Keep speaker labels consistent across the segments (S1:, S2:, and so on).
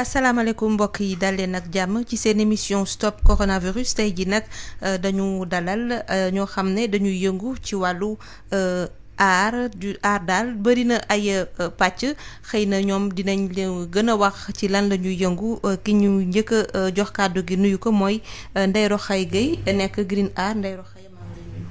S1: asalaamaaleykum mbokk yi dal nag jàmm ci seen émission stop coronavirus tey ji nag euh, dañu dalal euh, ñoo xam ne dañuy yëngu ci wàllu euh, aar du aar daal bëri na ay pàcc xëy na ñoom dinañ leen gën a wax ci lan la ñuy yëngu ki ñu njëkk a jox kàddu gi nuyu ko mooy Ndeye Roxaye Gueye nekk Green Art Ndeye Roxaye maa ngi
S2: lay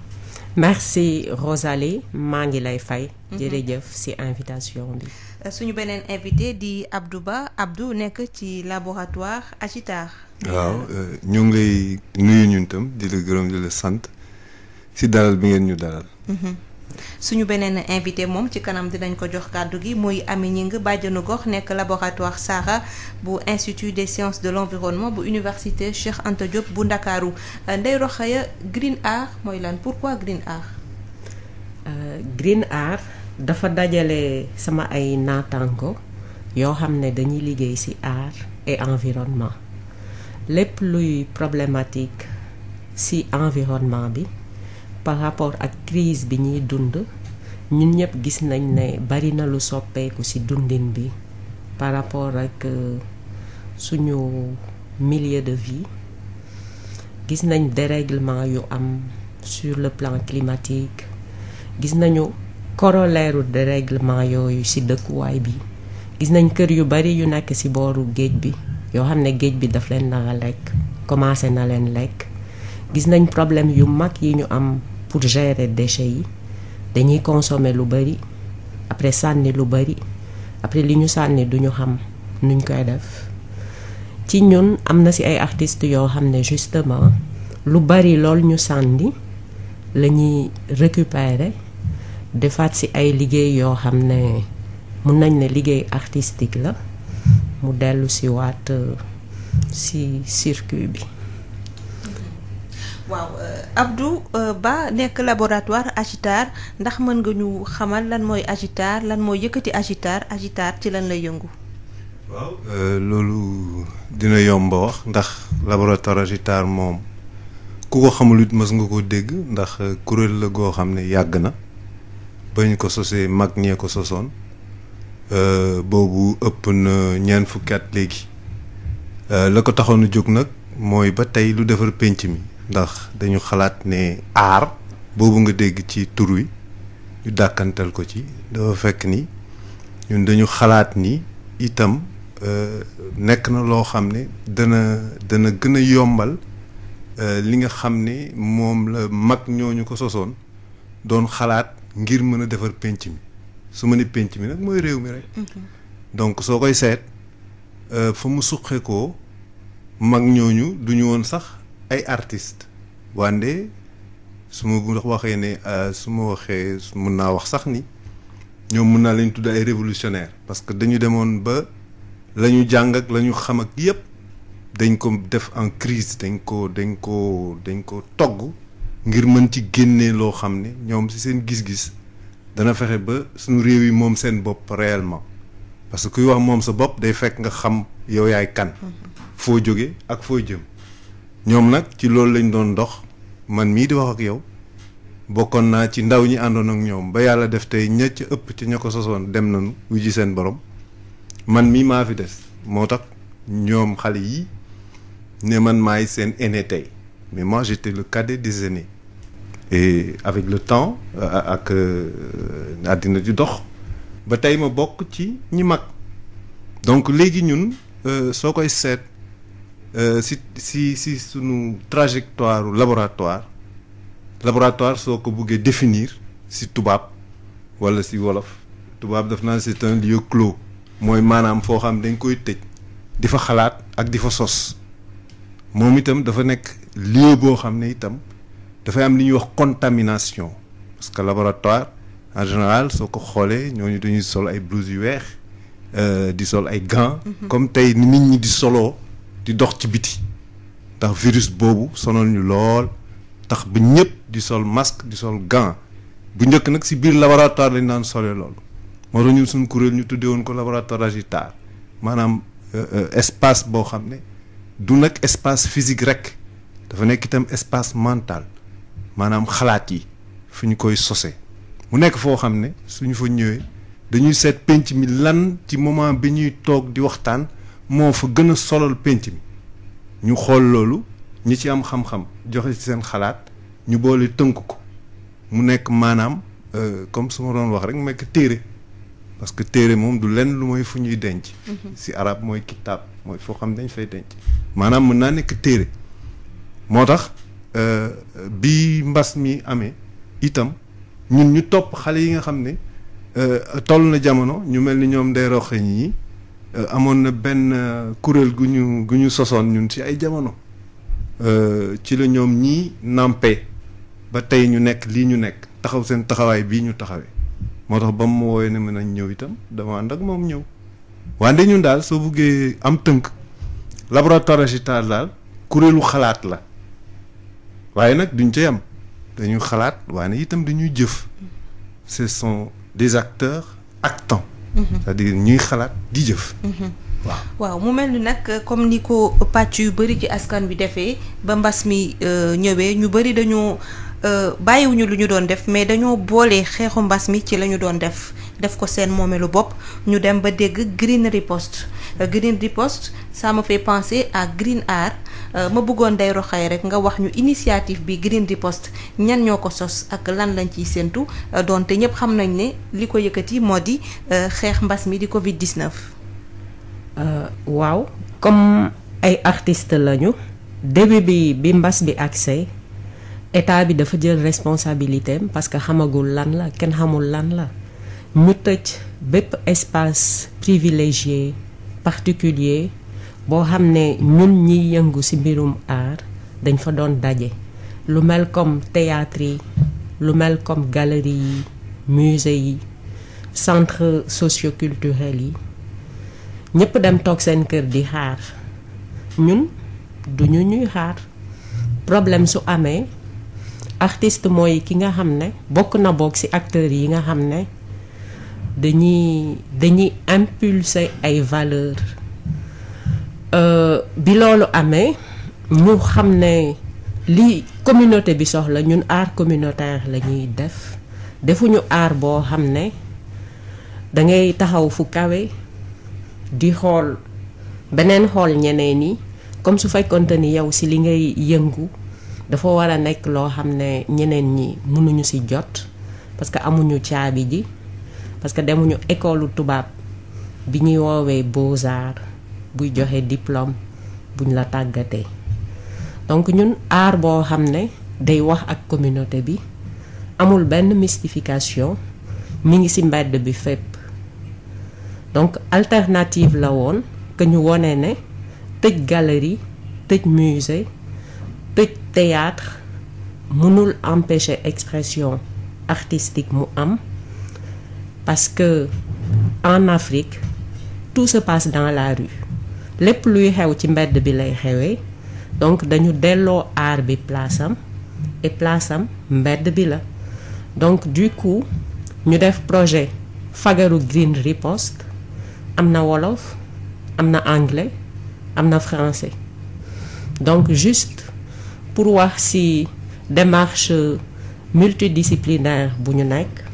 S2: merci Rosalie maa ngi lay fay. Mhm. jërëjëf si invitation bi.
S1: suñu beneen invité di Abdou Ba Abdou nekk ci laboratoire AGITAR.
S3: waaw euh, ñu ngi lay nuyu di la gërëm di la sant si dalal bi ngeen ñu dalal.
S1: Mhm. suñu beneen invité moom ci kanam dinañ ko jox kàddu gi muy Amy Gningue bàjjanu gox nekk laboratoire SARA bu institut des sciences de l'environnement bu université Cheikh Anta Diop bu Ndakaaru euh, Ndeye Rokhaya Green Art mooy lan pourquoi Green Art.
S2: Euh, Green Art. dafa dajale sama ay naataango yoo xam ne dañuy liggéey ci art et environnement lépp luy problématique ci environnement bi par rapport ak crise bi ñuy dund ñun ñëpp gis nañ ne bari na lu soppeeku ci dundin bi par rapport ak euh, suñu milieu de vie gis nañ dérèglement yu am sur le plan climatique gis nañu corollaire de yooyu si dëkkuwaay bi gis nañ kër yu bari yu nekk ci booru géej bi yoo xam ne géej bi daf leen nar lekk commencé na leen lekk gis nañ problème yu mag yi ñu am pour gérer déchets yi dañuy consommer lu bari après sànni lu bari après li ñu sànni duñu xam nuñ koy def ci ñun am na si ay artistes yoo xam ne justement lu bari lool ñu sànni lañuy ñuy récupérer defaat si ay liggéey yoo xam ne mun nañ ne liggéey artistique la mu dellu si waat si euh, circuit bi
S1: waaw euh, Abdou euh, Ba nekk laboratoire Agitar ndax mën nga ñu xamal lan mooy Agitar lan mooy yëkkati Agitar Agitar ci lan lay yëngu
S3: loolu dina yomb wax ndax laboratoire Agitar moom ku ko xamul mës nga ko dégg ndax kuréel la goo xam ne yàgg na ba ñu ko sosee mag ñee ko sosoon euh, boobu ëpp na ñeent fukki at léegi euh, la ko taxoon a jóg nag mooy ba tey lu defar pénc mi ndax dañu xalaat ne aar boobu nga dégg ci tur wi ñu dàkkantal ko ci dafa fekk ni ñun dañu xalaat ni itam euh, nekk na loo xam ne dana dana gën a yombal li nga xam ne moom la mag ñooñu ko sosoon doon xalaat ngir mën a defar penc mi su ma ne penc mi nag mooy réew mi rek. donc soo koy seet euh, fa mu suqe ko mag ñooñu du ñu woon sax ay artistes wande su ma waxee ne euh, su ma waxee mun naa wax sax ni ñoom mun naa lañ tudd ay révolutionnaire parce que dañu demoon ba la ñu jàng ak la ñu xam ak yépp dañ ko def en crise dañ ko dañ ko dañ ko togg ngir mën ci génne loo xam ne ñoom si seen gis-gis dana fexe ba suñu réew yi moom seen bopp réellement parce que kuy wax moom sa bopp day fekk nga xam yow yaay kan foo jóge ak foo jëm ñoom nag ci loolu lañ doon dox man mii di wax ak yow bokkoon naa ci ndaw ñi àndoon ak ñoom ba yàlla def tey ña ëpp ci ña ko sosoon dem nañu wujji seen borom man mii maa fi des moo tax ñoom xale yi ne man maay seen aîné tey mais moi j'étais le cadet des aînés et avec le temps euh, ak euh, àddina di dox ba tey ma bokk ci ñi mag donc léegi ñun euh, soo koy seet si si si sunu trajectoire laboratoire laboratoire soo ko buggee définir si tubaab walla si wolof tubaab daf naa c'est un lieu clos mooy maanaam foo xam dañ koy tëj di fa xalaat ak di fa sos moom itam dafa nekk lieu boo xam ne itam dafay am li ñuy wax contamination parce que laboratoire en général soo ko xoolee ñooñu dañuy sol ay blouse yu weex euh, di sol ay gants. Mhm. comme tey ni nit ñi di soloo di dox ci biti ndax virus boobu sonal ñu lool tax ba ñëpp di sol masque di sol gants bu njëkk nag si biir laboratoire lañ daan solee loolu moo tax ñun suñu kuréel ñu tuddee woon ko laboratoire agitaar maanaam euh, euh, espace boo xam ne du nag espace physique rek dafa nekk itam espace mentale maanaam xalaat yi fu ñu koy sose mu nekk foo xam ne suñu fa ñëwee dañuy seet penc mi lan ci moment bi ñuy toog di waxtaan moo fa gën a solal penc mi ñu xool loolu ñu ci am xam-xam joxe ci seen xalaat ñu boole tënk ko mu nekk maanaam euh, comme su ma doon wax rek mu nekk téere parce que téere moom du lenn lu mooy fu ñuy denc. Mhm. si arab mooy kitaab mooy foo xam ne dañ fay denc. maanaam mën naa nekk téere moo tax euh, bi mbas mi amee itam ñun ñu topp xale yi nga xam ne euh, toll na jamono ñu mel ni ñoom day roxe ñi euh, amoon na benn kuréel gu ñu gu sosoon ñun ci ay jamono ci la ñoom ñii nàmpe ba tey ñu nekk lii ñu nekk taxaw seen taxawaay bii ñu taxawee moo tax ba mu wooyee ne mën nañ ñëw itam dama ànd ak moom ñëw wante ñun daal soo buggee am tënk laboratoire Agitar daal kuréelu xalaat la waaye nag duñ ca yam dañuy xalaat waaye nag itam dañuy jëf ce sont des acteurs actants. Mhm. cest à ñuy xalaat di jëf.
S1: Mhm. waaw mu mel ni nag comme ni ko pàcc yu bëri ci askan bi defee ba mbas mi euh, ñëwee ñu bëri dañoo euh, bàyyiwuñu lu ñu doon def mais dañoo boole xeexu mbas mi ci lañu doon def def ko seen moomeelu bopp ñu dem ba dégg green riposte euh, green riposte ça ma fait penser à green art euh, ma bëggoon day roxaay rek nga wax ñu initiative bi green riposte ñan ñoo ko sos ak lan lañ ciy séentu euh, donte ñëpp xam nañ ne li ko yëkkati moo di xeex mbas mi di Covid 19.
S2: waaw comme ay artistes lañu début bi bi mbas bi accès état bi dafa jël responsabilité am parce que xamagul lan la kenn xamul lan la. ñu tëj bépp espace privilégié particulier boo xam ne ñun ñiy yëngu ci mbirum art dañ fa doon daje lu mel comme théâtre yi lu mel comme galerie yi musée yi centre socioculturel yi ñëpp dem toog seen kër di xaar ñun du ñu ñuy xaar problème su amee artiste mooy ki nga xam ne bokk na bokk ci acteurs yi nga xam ne dañuy dañuy impulser ay valeur euh, bi loolu amee ñu xam ne li communauté bi soxla ñun aar communautaire la ñuy def defuñu aar boo xam ne da ngay taxaw fu kawe di xool beneen xool ñeneen yi comme su fekkonte ni yow si li ngay yëngu dafa war a nekk loo xam ne ñeneen ñi mënuñu si jot parce que amuñu caabi ji parce que demuñu école tubaab bi ñuy woowee beaux buy joxe diplôme buñ la tàggatee donc ñun aar boo xam ne day wax ak communauté bi amul benn mystification mi ngi ci mbedd bi fépp donc alternative la woon que ñu wone ne tëj galerie tëj musée tëj théâtre mënul empêcher expression artistique mu am parce que en Afrique tout se passe dans la rue lépp luy xew ci mbedd bi lay xewee donc dañu delloo aar bi place am et mbedd bi la donc du coup ñu def projet fagaru green riposte am na wolof am na anglais am na français donc juste pour wax ci démarche multidisciplinaire bu ñu nekk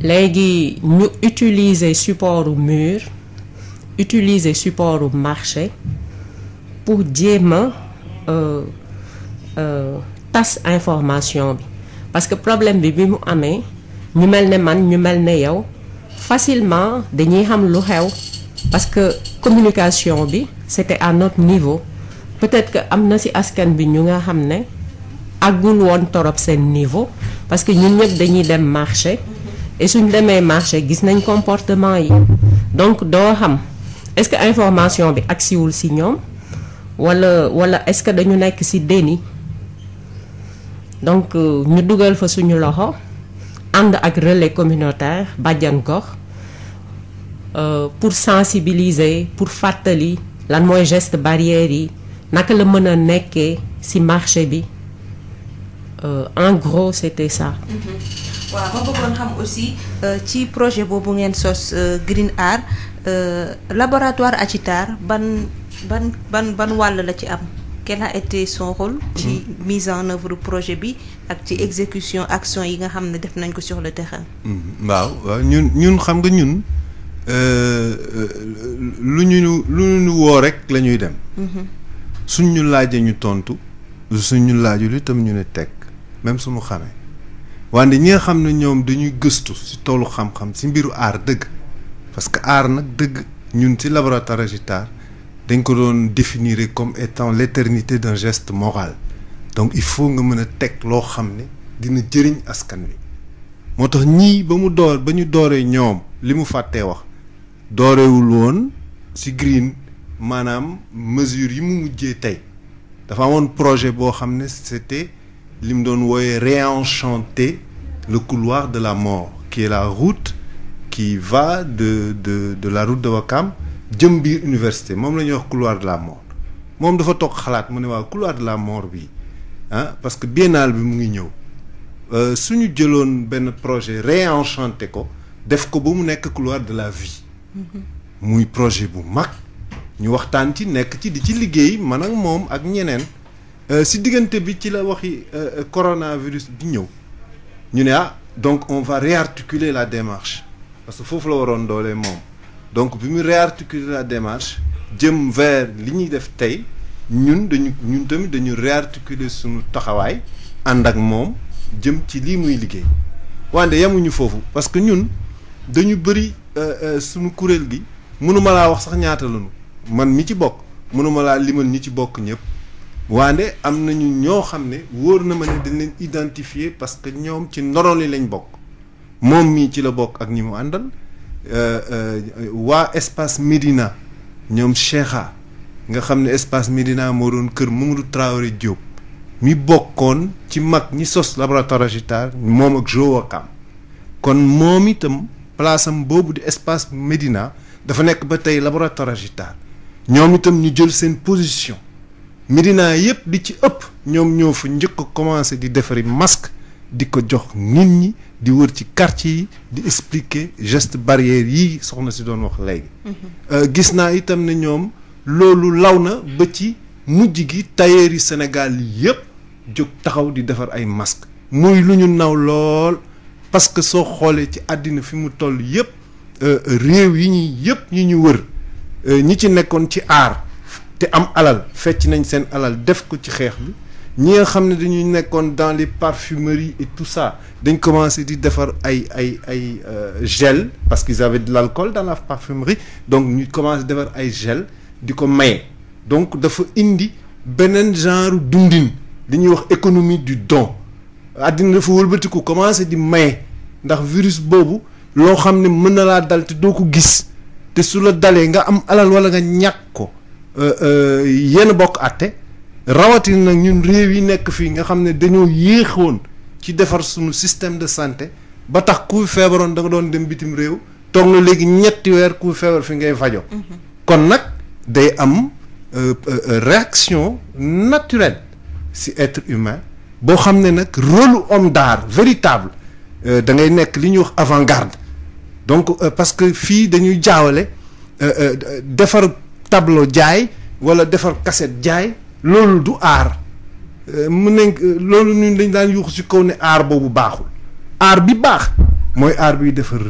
S2: léegi ñu utiliser support mur utiliser support marché pour jéem a euh, euh, tas information bi parce que problème bi bi mu amee ñu mel ne man ñu mel ne yow facilement dañuy xam lu xew parce que communication bi c'était à not niveau peut-être que am na ci askan bi ñu nga xam ne àggul woon torop seen niveau parce que ñun ñëpp dañuy dem marché et suñ demee marché gis nañ comportement yi donc doo xam est-ce que information bi agsiwul si ñoom walla walla est-ce que dañu nekk si déni donc euh, ñu dugal fa suñu loxo ànd ak relais communautaire bàjjan gox euh, pour sensibiliser pour fàttali lan mooy geste barrière yi naka la mën a nekkee si marché bi euh, en gros c'était ça.
S4: mm
S1: waaw ma bëggoon xam aussi euh, ci projet boobu ngeen sos euh, Green Art euh, laboratoire Achitar ban ban ban ban wàll la ci am quel a été son rôle ci mhm. mise en œuvre projet bi ak ci exécution action yi nga xam ne def nañ ko sur le terrain
S3: mhm. waaw waaw ñun ñun xam nga ñun lu ñu lu ñu woo rek la ñuy dem mhm. suñ ñu laajee ñu tontu suñ ñu laajul tam ñu ne tekk même suñu xamee wante ñi nga xam ne ñoom dañuy gëstu si toolu xam-xam si mbiru aar dëgg parce que aar nag dëgg ñun si laboratoire Agitar dañ ko doon définir comme étant l'éternité d'un geste moral donc il faut nga mën a teg loo xam ne dina jëriñ askan wi moo tax ñii ba mu door ba ñu dooree ñoom li mu fàttee wax doorewul woon si green maanaam mesure yi mu mujjee tey dafa amoon projet boo xam ne c'était li mu doon wooyee réenchanter le couloir de la mort qui la route qui va de de de la route de Wakam jëm biir université moom la ñuy wax couloir de la mort moom dafa toog xalaat mu ne waaw couloir de la mort bi ah parce que biennale bi mu ngi ñëw euh, suñu jëloon benn projet réenchanté ko def ko ba mu nekk couloir de la vie mm-hmm. muy projet bu mag ñu waxtaan ci nekk ci di ci liggéey man ak moom ak ñeneen euh, si diggante bi ci la waxi euh, coronavirus di ñëw ñu ne ah donc on va réarticuler la démarche parce que foofu la waroon doolee moom donc bi mu réarticuler la démarche jëm vers li ñuy def tey ñun dañu ñun tamit dañu réarticuler suñu taxawaay ànd ak moom jëm ci lii muy liggéey wante yemuñu foofu parce que ñun dañu bëri euh, euh, suñu kuréel gi mënuma laa wax sax ñaata lañu man mi ci bokk mënuma laa limal ñu ci bokk ñëpp waande am nañu ñoo xam ne wóor na ma ne dañ leen identifier parce que ñoom ci ndorol yi lañ bokk moom mii ci la bokk ak ñi mu àndal euh, euh, waa espace Médina ñoom Cheikha nga xam ne espace Médina moo doon kër Mamadou Traoré Diop mi bokkoon ci mag ñi sos laboratoire Agitar moom ak Jowakam kon moom itam place am boobu di espace Médina dafa nekk ba tey laboratoire Agitar ñoom itam ñu jël seen position Médina yëpp di ci ëpp ñoom ñoo fa njëkk commencé di defari masque di ko jox nit ñi di wër ci quartier yi di expliquer geste barrière yi soxna si doon wax léegi. Mhm. Euh, gis naa itam na ñoom loolu law na ba ci mujj gi tailleur yi Sénégal yëpp jóg taxaw di defar ay masque muy lu ñu naw lool parce que soo xoolee ci àddina fi mu toll yëpp euh, réew yi ñuy yëpp ñi ñu wër euh, ñi ci nekkoon ci aar. te am alal fecc nañ seen alal def ko ci xeex bi ñi nga xam ne dañu nekkoon dans les parfumeries et tout ça dañ commencé di defar ay ay ay euh, gel parce qu'ils avaient de l'alcool dans la parfumerie donc ñu commencé defar ay gel di ko maye donc dafa indi beneen genre dundin dañuy wax économie du don àddina dafa wëlbatiku commencé di maye ndax virus boobu loo xam ne mën na laa dal te doo ko gis te su la dalee nga am alal walla nga ñàkk ko Euh, euh, yenn bokk àtte rawatina nag ñun réew yi nekk fii nga xam ne dañoo yéexoon ci defar suñu système de santé ba tax ku feebaroon da doon dem bitim réew toog na léegi ñetti weer ku feebar fi ngay fajo mm-hmm. kon nag day am euh, réaction naturelle si être humain boo xam ne nag rôle homme d'art véritable da ngay nekk li ñuy wax avant-garde donc parce que fii dañuy jaawale defar tableau jaay wala defar cassette jaay loolu du aar euh, mën nañ euh, loolu ñun dañ daan yuuxu si kaw ne aar boobu baaxul aar bi baax mooy aar biy defar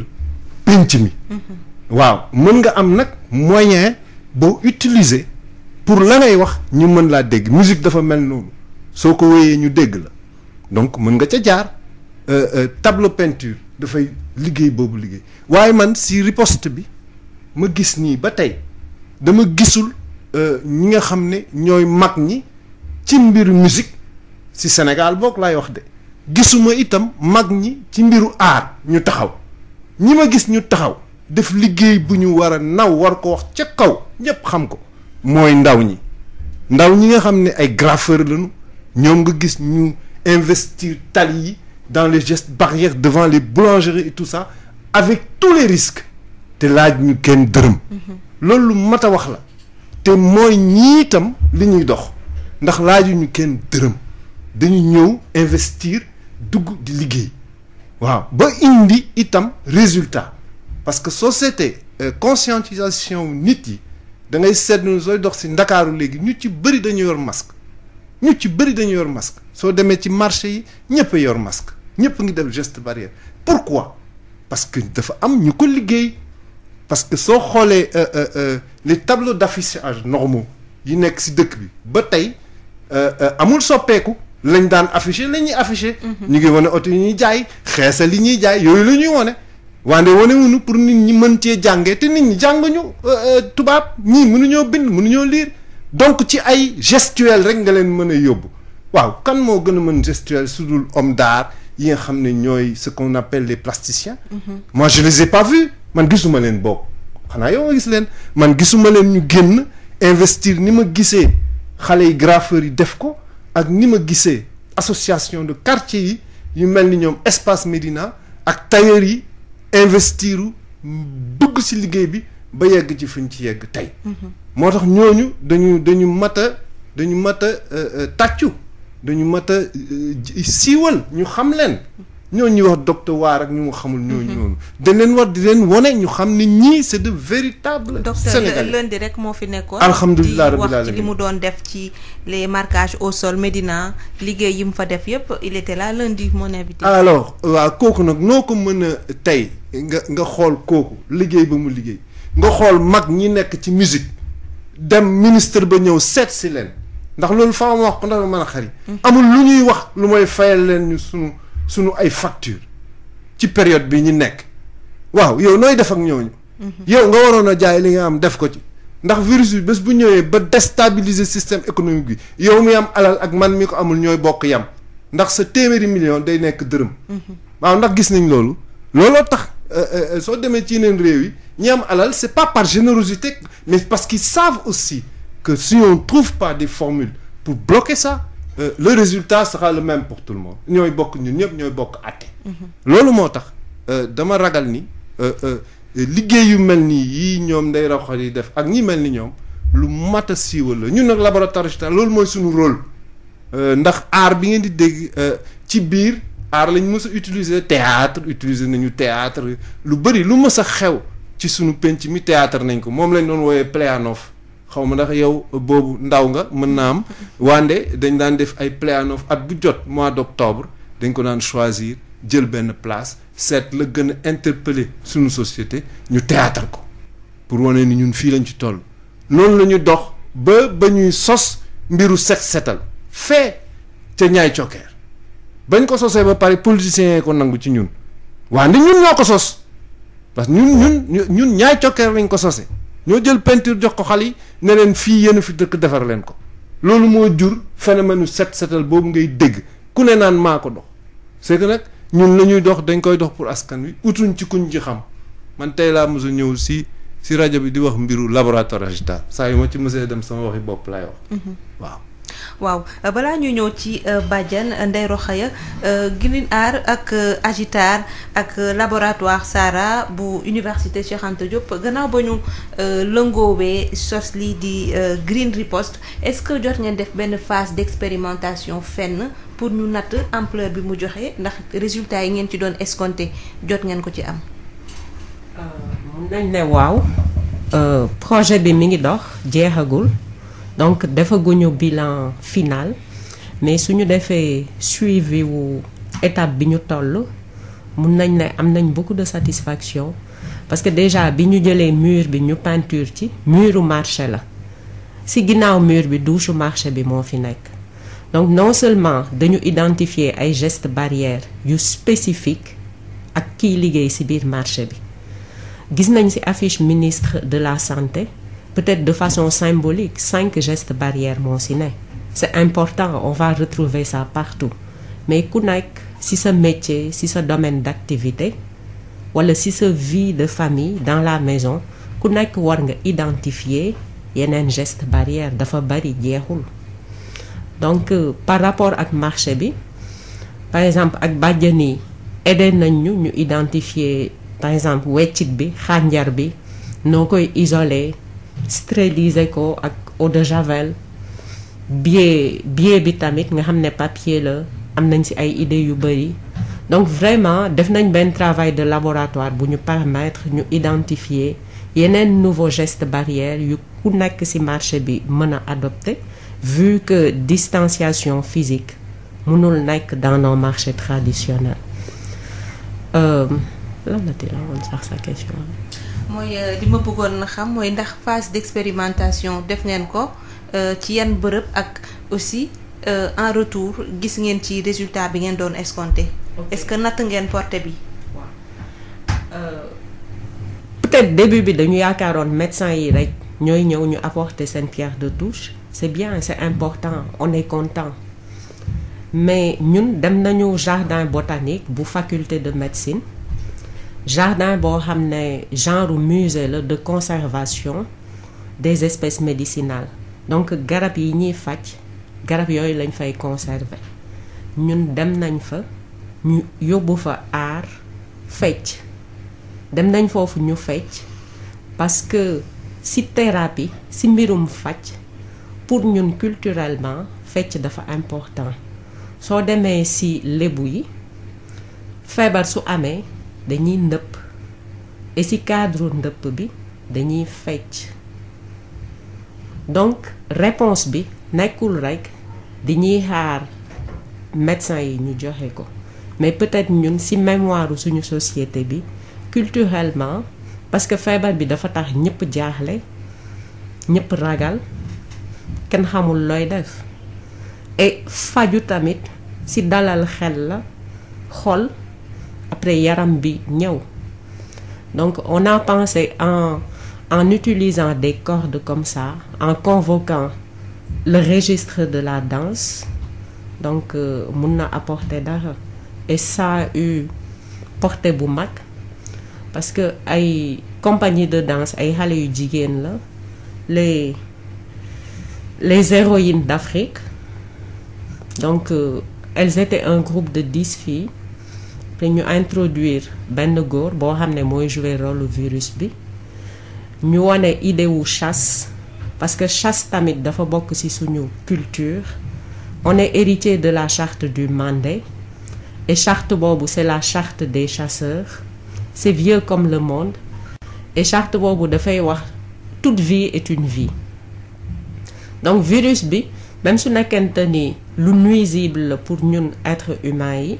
S3: pénc mi mm-hmm. waaw mën nga am nag moyen boo utiliser pour la ngay wax ñu mën laa dégg musique dafa mel noonu soo ko wéyee ñu dégg la donc mën nga ca jaar euh, tableau peinture dafay liggéey boobu liggéey waaye man si riposte bi ma gis nii ba tey dama gisul euh, ñi nga xam ne ñooy mag ñi ci mbiru musique si Sénégal boog laay wax de gisuma itam mag ñi ci mbiru aar ñu taxaw ñi ma gis ñu taxaw def liggéey bu ñu war a naw war ko wax ca kaw ñépp xam ko mooy ndaw ñi ndaw ñi nga xam ne ay graffeur lañu ñoom nga gis ñu investir tali yi dans les gestes barrières devant les boulangeries et tout ça avec tous les risques te laaj ñu kenn dërëm mm-hmm. loolu lu mat a wax la te mooy ñii itam li ñuy dox ndax laajuñu kenn dërëm dañu ñëw investir dugg di liggéey waaw ba indi itam résultat parce que société euh, conscientisation nit yi da ngay seetlu sooy dox si ndakaaru léegi ñu ci bëri dañu yor masque ñu ci bëri dañu yor masque soo demee ci marché yi ñëpp yor masque ñëpp ngi def geste barrière pourquoi parce que dafa am ñu ko liggéey. parce que soo xoolee euh, euh, euh, les tableaux d'affichage normaux yi nekk si dëkk bi ba tey amul soppeeku lañ daan affiché la ñuy affiché. Mhm. ñu ngi wane oto yi ñuy jaay xeesa li ñuy jaay yooyu la ñuy wane. wande wane wuñu pour nit ñi mën cee jàngee te nit ñi jànguñu tubaab ñii mënuñoo bind mënuñoo liir donc ci ay gestuelle rek nga leen mën a yóbbu waaw kan moo gën a mën gestuelle su dul homme d'art yi nga xam ne ñooy ce qu'on appelle les plasticiens. Mhm. moi je les ai pas vus. man gisuma leen bokk xanaa yow nga gis leen man gisuma leen ñu génn investir ni ma gisee xale yi graffeur yi def ko ak ni ma gisee association de quartier yi yu mel ni ñoom espace Médina ak tailleur yi investir dugg ci liggéey bi ba yegg ci fuñ ci yegg tey. Mhm. moo tax ñooñu dañu dañu mat a dañu mat a euh, euh, tàccu dañu mat a euh, siiwal ñu xam leen. ñoo ñuy wax docteur ak ñu mu xamul ñooñu mhm. noonu. dañ leen war di leen wane ñu xam ne ñii c'est de véritable.
S1: Sénégalais docteur lundi rek moo fi nekkoo alhamdulilah rabbil alamin di wax ci li mu doon def ci les marquages au sol Médina liggéey yi mu fa def yépp il était là lundi mon invité.
S3: alors waaw kooku nag noo ko mën a tey nga nga xool kooku liggéey ba mu liggéey nga xool mag ñi nekk ci musique dem ministre ba ñëw seet si leen ndax loolu faaw ma wax ko ndax ma mën a xari mhm. amul lu ñuy wax lu mooy fayal leen ñu sunu. sunu ay facture ci période bi ñu nekk waaw yow nooy def ak ñooñu. Mhm. yow nga waroon a jaaye li nga am def ko ci. ndax virus bi bés bu ñëwee ba déstabiliser système économique bi yow mi am alal ak man mi ko amul ñooy bokk yam ndax sa téeméeri million day nekk dërëm. Mhm. waaw ndax gis nañ loolu. looloo tax euh, euh, soo demee ci yeneen réew yi ñi am alal c'est pas par générosité mais parce qu'ils savent aussi que si on trouve pas des formules pour bloquer ça. Euh, le résultat sax le même pour tout ñooy bokk ñun ñëpp ñooy bokk àtte. Mhm. loolu moo tax euh, dama ragal ni euh, liggéey yu mel nii yii ñoom nday raxal yi def ak ñii mel ni ñoom lu mat a siiwal la ñun nag laboratoire digital loolu mooy suñu rôle. ndax aar bi ngeen di dégg ci biir aar lañ mës a utiliser théâtre utiliser nañu théâtre lu bëri lu mës a xew ci suñu penc mi théâtre nañ ko moom lañ doon wooyee Pléanof xaw ma ndax yow boobu ndaw nga mën naa am wande dañ daan def ay Play-An-Off at bu jot mois d' octobre dañ ko daan choisir jël benn place seet la gën a interpeller suñu société ñu théâtre ko pour wane ni ñun fii lañ ci toll loolu la ñu dox ba ba ñuy sos mbiru set setal fee ca ñaay cokkeer bañ ko sosee ba pare politiciens yi ko nangu ci ñun waa ndi ñun ñoo ko sos parce que ñun ñun ñun ñaay cokkeer lañ ko sosee ñoo jël peinture jox ko xal yi ne leen fii yéen a fi dëkk defar leen ko loolu moo jur phénomène u set setal boobu ngay dégg ku ne naan maa ko dox c'est nag ñun la ñuy dox dañ koy dox pour askan wi utuñ ci kuñ ci xam man tey laa mos a ñëw si si rajo bi di wax mbiru laboratoire digital saa yu ma ci mosee dem sama waxi bopp laay wax
S1: mm-hmm. waaw waaw balaa ñu ñëw ci euh, Badiane euh, Ndeye Rokhaya euh, Green Art ak Agitar ak laboratoire Sahara bu université Cheikh Anta gannaaw ba ñu lëngoowee sos lii di Green ripost est-ce que jot ngeen def benn phase d'expérimentation fenn pour ñu natt empleur bi mu joxe ndax résultats yi ngeen ci doon escompté jot ngeen ko ci am.
S2: mun nañ ne waaw projet bi mi ngi dox jeexagul. donc defaguñu bilan final mais suñu defee suivi wu étape bi ñu toll mun nañ ne am nañ beaucoup de satisfaction parce que déjà bi ñu jëlee mur bi ñu peinture ci muru marché la si ginnaaw mur bi douche marché bi moo fi nekk donc non seulement dañu identifier ay gestes barrières yu spécifique ak kiy liggéey si biir marché bi gis nañ si affiche ministre de la santé peut-être de façon symbolique cinq gestes barrières moo si ne c'est important on va retrouver ça partout mais ku nekk si sa métier si sa domaine d'activité wala si sa vie de famille dans la maison ku nekk war nga identifier yeneen geste barrière dafa bari jeexul donc euh, par rapport ak marché bi par exemple ak bàjjan yi aidé nañ ñu ñu identifier par exemple weccit bi xànjar bi noo koy isoler stériliser ko ak eau de javel biais biais bi tamit nga xam ne papier la am nañ ci ay idées yu bëri donc vraiment def nañ benn travail de laboratoire bu ñu permettre ñu identifier yeneen nouveau geste barrière yu ku nekk ci marché bi mën a adopté vu que distanciation physique mënul nekk dans nos marchés traditionnels euh, lan
S1: mooy euh, li ma bëggoon na xam mooy ndax phase d'expérimentation def ngeen ko euh, ci yan bërëb ak aussi euh, en retour gis ngeen ci résultat bi ngeen doon escompté. est-ce que natt ngeen porté bi.
S2: peut-être début bi dañu yaakaaroon médecin yi rek ñooy ñëw ñu apporter seen pierre de touche c'est bien c'est important on est content mais ñun dem nañu jardin botanique bu faculté de médecine. jardin boo xam ne genre musée la de conservation des espèces médicinales donc garab yi ñuy faj garab yooyu lañ fay conserver ñun dem nañ fa ñu yóbbu fa aar fecc dem nañ foofu ñu fecc parce que si thérapie si mbirum faj pour ñun culturellement fecc dafa important soo demee si lébu yi feebar su amee dañuy ndëpp et si cadre ndëpp bi dañuy fecc donc réponse bi nekkul rekk di ñuy xaar médecin yi ñu joxe ko mais peut-être ñun si mémoire suñu société bi culturellement parce que feebar bi dafa tax ñëpp jaaxle ñëpp ragal kenn xamul looy def et faju tamit si dalal xel la xol après yaram bi ñëw donc on a pensé en en utilisant des cordes comme ça en convoquant le registre de la danse donc euh, mun na apporter dara et ça a eu portée bu mag parce que ay compagnie de danse ay xale yu jigéen la les les héroïnes d'Afrique donc euh, elles étaient un groupe de dix filles te ñu introduire benn góor boo xam ne mooy jouer rôle virus bi ñu wane idée wu chasse parce que chasse tamit dafa bokk ci suñu culture on est de la charte du Mandé et charte boobu c'est la charte des chasseurs c'est vieux comme le monde et charte boobu dafay wax toute vie est une vie donc virus bi même su nekkente ni lu nuisible pour ñun être humain yi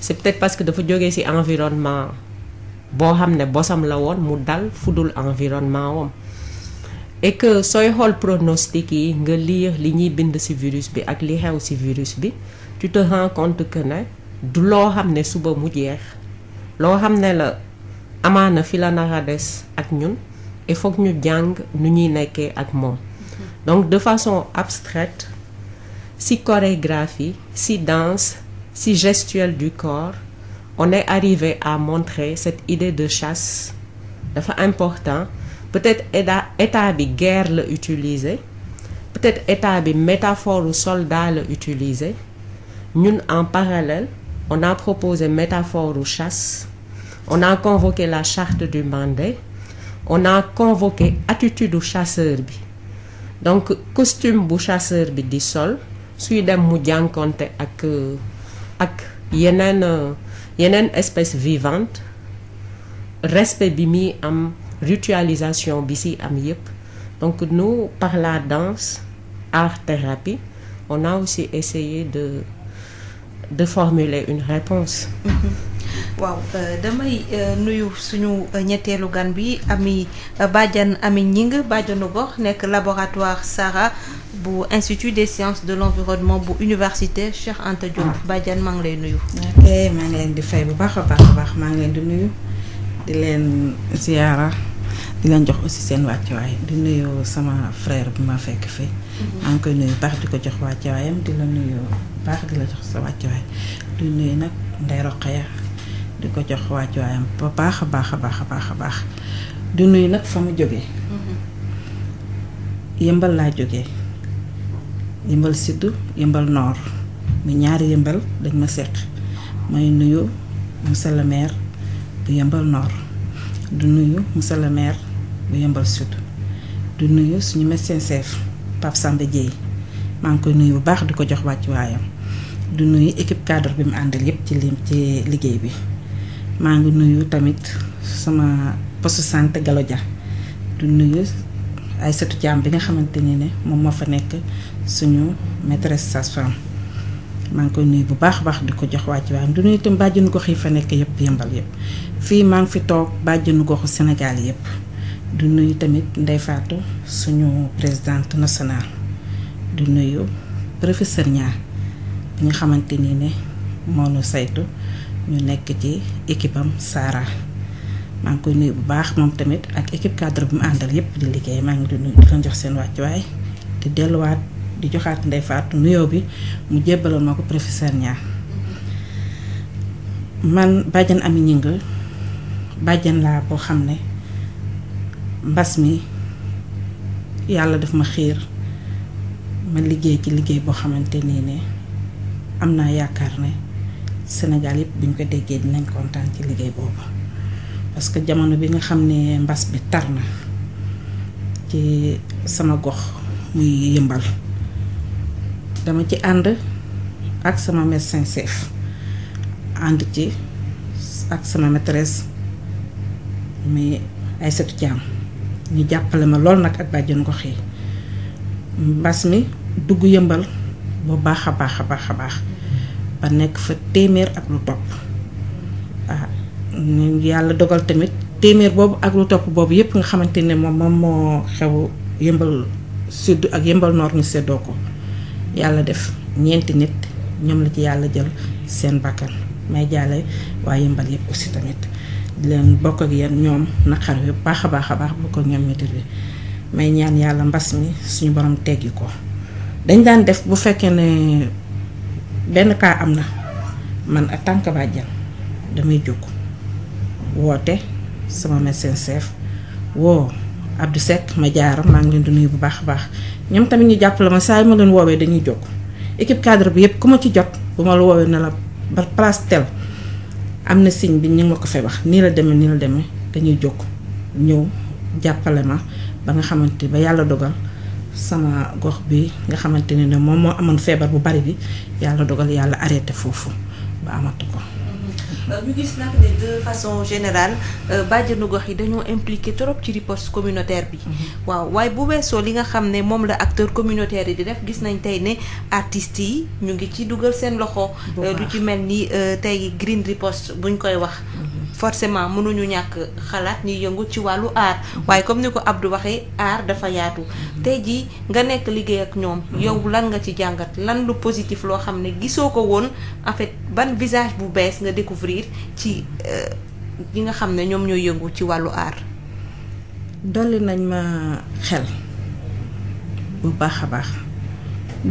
S2: c'est peut parce que dafa jóge ci environnement boo xam ne bosam la woon mu dal fudul environnement wam et que sooy xool pronostic yi nga lire li ñuy bind ci virus bi ak li xew ci virus bi tu te rends que ne du loo xam ne suba mu jeex loo xam ne la amaana fi la nara des ak ñun il faut ñu jàng nu ñuy nekkee ak moom mm-hmm. donc de façon abstraite ci chorégraphie ci danse si gestuelle du corps on est arrivé à montrer cette idée de chasse dafa important peut-être état état bi guerre le utiliser peut-être état bi métaphore u soldat la utiliser ñun en parallèle on a proposé métaphore u chasse on a convoqué la charte du Mandé on a convoqué attitude u chasseur bi donc costume bu chasseur bi di sol suy dem mu jànkonte ak euh, ak yeneen euh, yeneen espèce vivante respect bi mi am ritualisation bi si am yëpp donc nu par la danse art thérapie on a aussi essayé de de formuler une réponse mm-hmm.
S1: waaw euh, damay euh, nuyu suñu euh, ñetteelu gan bi Amy bàjjan ami Gningue badianu gox nekk laboratoire Sahara bu institut des sciences de l'environnement
S5: bu université Cheikh Anta Diop Badiane maa ngi lay nuyu. ok maa ngi leen di fay bu baax a baax a baax maa ngi leen di nuyu di leen ziyaara di leen jox aussi seen wàccuwaay di nuyu sama frère bu ma fekk fii. Mhm. maa ngi koy nuyu baax di ko jox wàccuwaayam di la nuyu baax di la jox sa wàccuwaay di nuyu nag Ndeye Rokhaya di ko jox wàccuwaayam ba baax a baax a baax a baax a baax du nuyu nag fa mu jógee mm-hmm. yëmbal laa jógee yëmbal sud yëmbal noor mu ñaari yëmbal dañ ma seq may nuyu monsieur le bu yëmbal noor du nuyu monsieur le bu yëmbal sud du nuyu suñu médecin chef Pape Samba Dieye maa ngi koy nuyu bu baax di ko jox wàccuwaayam du nuyu équipe cadre bi mu àndal yépp ci lii ci liggéey bi maa ngi nuyu tamit sama poste santé Gallo ja du nuyu Aïssatou Thiam bi nga xamante ni ne moom moo fa nekk suñu maîtresse sage-femme maa ngi koy nuyu bu baax baax di ko jox waa ci waam du nuyu itam bàjjenu fa nekk yëpp yëmbal yëpp fii maa ngi fi toog bàjjenu goxu Sénégal yëpp du nuyu tamit Ndeye Fatou suñu présidente nationale du nuyu professeur Niang bi nga xamante ni ne moo nu saytu ñu nekk ci équipe am Sara maa ngi koy nuyu bu baax moom tamit ak équipe cadre bu mu àndal yëpp di liggéey maa ngi di nuyu di leen jox seen wàccuwaay di delluwaat di joxaat Ndeye Fatou nuyoo bi mu jébbaloon ma ko professeur Niang man bàjjan Ami Gningue bàjjan laa boo xam ne mbas mi yàlla daf ma xiir ma liggéey ci liggéey boo xamante nii ne am naa yaakaar ne Sénégal yëpp buñ ko déggee dinañ kontaan ci liggéey boobu parce que jamono bi nga xam ne mbas bi tar na ci sama gox muy yëmbal dama ci ànd ak sama médecin chef ànd ci ak sama maîtresse muy Aïssatou Thiam ñu jàppale ma lool nag ak bàjjen gox yi mbas mi dugg yëmbal bu baax a baax a baax a baax ba nekk fa téeméer ak lu topp ah yàlla dogal tamit téeméer boobu ak lu topp boobu yëpp nga xamante ne moom moom moo xew yëmbal sud ak yëmbal noor ñu seddoo ko yàlla def ñeenti nit ñoom la ci yàlla jël seen bakkan may jàlle waa yëmbal yëpp aussi tamit di leen bokk ak yéen ñoom naqar wi baax a baax a baax bokk ak ñoom métit bi may ñaan yàlla mbas mi suñu borom teggi ko dañ daan def bu fekkee ne benn cas am na man ak tant que bàjjan damay jóg woote sama médecin chef woo Abdou Seck ma jaar maa ngi leen di nuyu bu baax a baax ñoom tamit ñu jàppale ma saa yi ma leen woowee dañuy jóg équipe cadre bi yëpp ku ma ci jot bu ma la woowee ne la ba place tel am na signe bi ñu ma ko fay wax nii la demee nii la demee dañuy jóg ñëw jàppale ma ba nga xamante ba yàlla dogal. sama gox bi nga xamante ne moom moo amoon feebar bu bari bi yàlla dogal yàlla arrêté foofu ba amatu ko.
S1: Euh, ñu gis nag de façon générale euh, bàjjenu gox yi dañoo impliqué trop ci riposte communautaire bi. Mhm. waaw waaye bu weesoo li nga xam ne moom la acteur communautaire yi di def gis nañ tey ne artistes yi ñu ngi ci dugal seen loxo. lu euh, ci mel ni tey green riposte buñ koy wax. Mhm. forcément mënuñu ñàkk xalaat ñi yëngu ci wàllu aar waaye comme ni ko ab Abdou waxee aar dafa yaatu tey jii nga nekk liggéey ak ñoom yow lan nga ci jàngat lan lu positif loo xam ne gisoo ko woon en ban visage bu bees nga découvrir ci euh, ñi nga xam ne ñoom ñooy yëngu ci wàllu aar
S5: dolli nañ ma xel bu baax a baax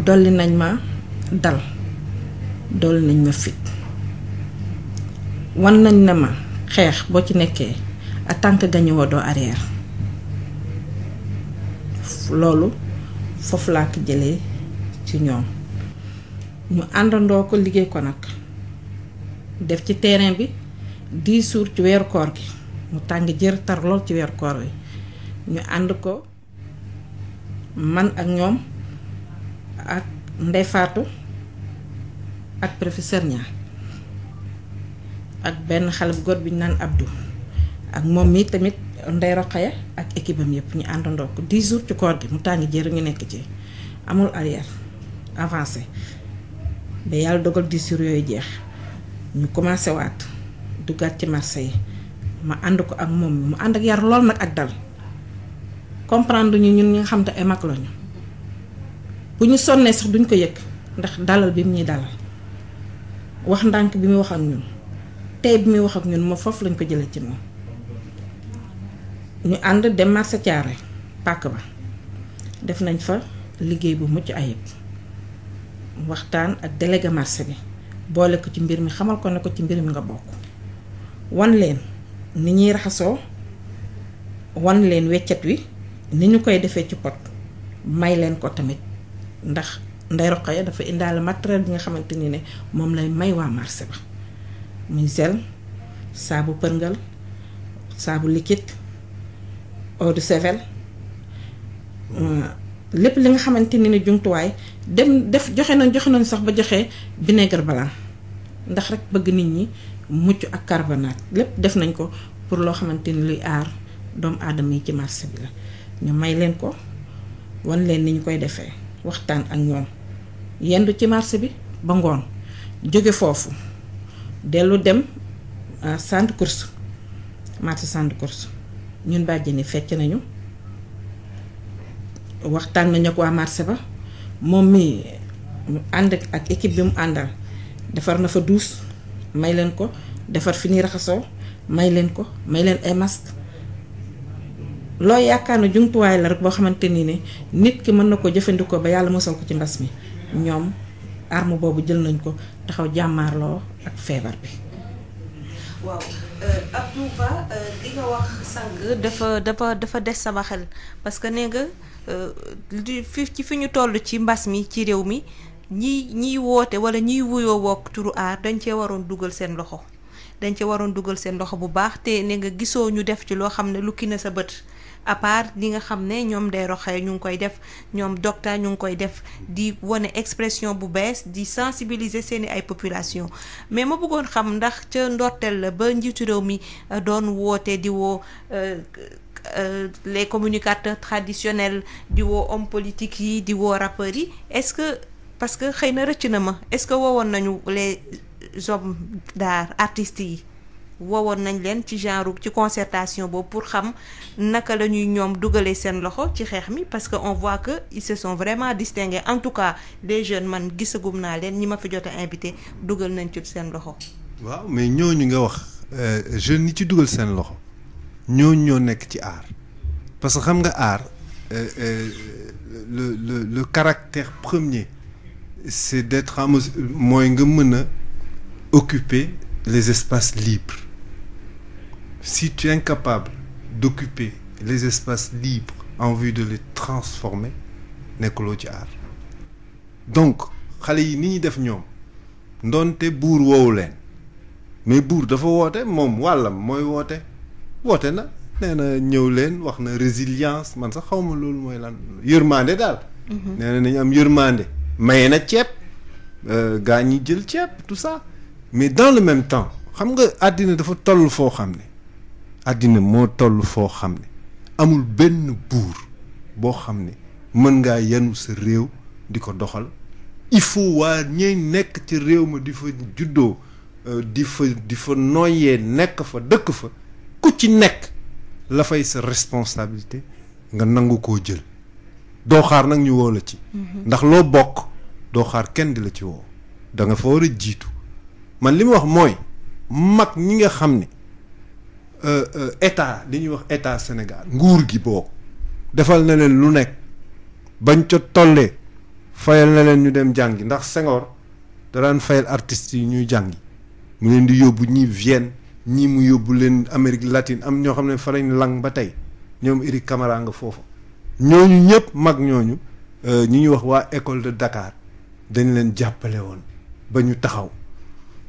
S5: dolli nañ ma dal dolli nañ ma fit wan nañ ne ma xeex boo ci nekkee tant que gañu woo doo arrière loolu foofu laa ko jëlee ci ñoom ñu àndandoo ko liggéey ko nag def ci terrain bi dix jours ci weeru koor gi mu tàng jër tar lool ci weeru koor wi ñu ànd ko man ak ñoom ak Ndey Faatu ak professeur Niang ak benn xale bu góor bi ñu naan Abdou ak moom mi tamit Ndeye Rokhaya ak équipe am yëpp ñu àndandoo ko 10 jours ci koor gi mu tàng jër ñu nekk ci amul arrière avancé ba yàlla dogal 10 jours yooyu jeex ñu commencé waat duggaat ci marché yi ma ànd ko ak moom mu ànd ak yar lool nag ak dal comprendre ñu ñun ñi nga xam te ay mag lañu bu ñu sonnee sax duñ ko yëg ndax dalal bi mu ñuy dalal wax ndànk bi mu wax ak ñun. tey bi muy wax ak ñun moo foofu lañ ko jëlee ci moom ñu ànd dem marché Thiaré pàkk ba def nañ fa liggéey bu mucc ayib waxtaan ak délégué marché bi boole ko ci mbir mi xamal ko ne ko ci mbir mi nga bokk wan leen ni ñuy raxasoo wan leen weccet wi ni ñu koy defee ci pot may leen ko tamit ndax Ndeye ya dafa indaale matériel bi nga xamante ni ne moom lay may waa marché ba muy gel saabu përngal saabu liquide eau de javel euh, lépp li nga xamante ni ne jumtuwaay dem def joxe nañ joxe nañ sax ba joxe vinaigre blanc ndax rek bëgg nit ñi mucc ak carbonate lépp def nañ ko pour loo xamante ni luy aar doomu aadama yi ci marché bi la ñu may leen ko wan leen ni ñu koy defee waxtaan ak ñoom yendu ci marché bi ba ngoon jóge foofu dellu dem centre course marché centre course ñun ni fecc nañu waxtaan nañu ak waa marché ba moom mi ànd ak équipe bi mu àndal defar na fa duus may leen ko defar fi ñuy raxasoo may leen ko may leen ay masque loo yàkkaar ne jumtuwaay la rek boo xamante ni ne nit ki mën na ko jëfandikoo ba yàlla mosal ko ci mbas mi ñoom arm boobu jël nañ ko taxaw jàmmaarloo ak feebar bi.
S1: waaw euh, Abdou Ba euh, li nga wax sànq dafa dafa des sama xel parce que nee nga euh, fi ci fi ñu toll ci mbas mi ci réew mi ñiy ñiy woote wala ñiy wuyoo wokk turu aar dañ cee waroon dugal seen loxo dañ cee waroon dugal seen loxo bu baax te ne nga gisoo ñu def ci loo xam ne lukki na sa bët. à part li nga xam ne ñoom day roxee ñu ngi koy def ñoom docteur ñu ngi koy def di wane expression bu bees di sensibiliser seeni ay population mais ma bëggoon xam ndax ca ndorteel la ba njiitu réew mi euh, doon woote di woo euh, euh, les communicateurs traditionnels di woo homme politique yi di woo rappeurs yi est-ce que parce que xëy na rëcc na ma est-ce que woowoon nañu les hommes d'art artistes yi wowoon nañ leen ci genre ci concertation boobu pour xam naka la ñuy ñoom dugalee seen loxo ci xeex mi parce que on voit que ils se sont vraiment distingués en tout cas les jeunes man gisagum naa leen ñi ma fi jot a invité dugal nañ ci seen loxo.
S3: waaw mais ñooñu nga wax euh, jeunes yi ci dugal seen loxo ñooñu ñoo nekk ci aar parce que xam nga aar euh, euh, le le le caractère premier c'est d'être mooy nga mën a occuper les espaces libres si tu es incapable d'occuper les espaces libres en vue de les transformer nekkuloo ci aar donc xale yi ni ñuy def ñoom ndonte buur woowu leen mais buur dafa woote moom wàllam mooy woote woote na nee na ñëw leen wax na résilience man sax xaw ma loolu mooy lan yërmande daal. Mhm. nee na nañu am yërmande. maye na ceeb euh, gaa ñi jël ceeb tout ça mais dans le même temps xam nga àddina dafa toll foo xam ne. àddina moo toll foo xam ne amul benn buur boo xam ne mën ngaa yanu sa réew di ko doxal il faut waa ñuy nekk ci réew ma di fa juddoo euh, di fa di fa noyyee nekk fa dëkk fa ku ci nekk la fay sa responsabilité nga nangu koo jël doo xaar nag ñu woo la ci mm-hmm. ndax loo bokk doo xaar kenn di la ci woo da nga fa war a jiitu man li ma wax mooy mag ñi nga xam ne Euh, euh, état li ñuy wax état Sénégal nguur gi boo defal na leen lu nekk bañ ca tollee fayal na leen ñu dem jàngi ndax Senghor da daan fayal artistes yi ñuy jàngi mu leen di yóbbu ñi Vienne ñii mu yóbbu leen Amérique latine am ñoo xam ne fa lañ lang ba tey ñoom Iri Camara nga foofa ñooñu ñëpp mag ñooñu euh, ñu ñuy wax waa école de Dakar dañ leen jàppale woon ba ñu taxaw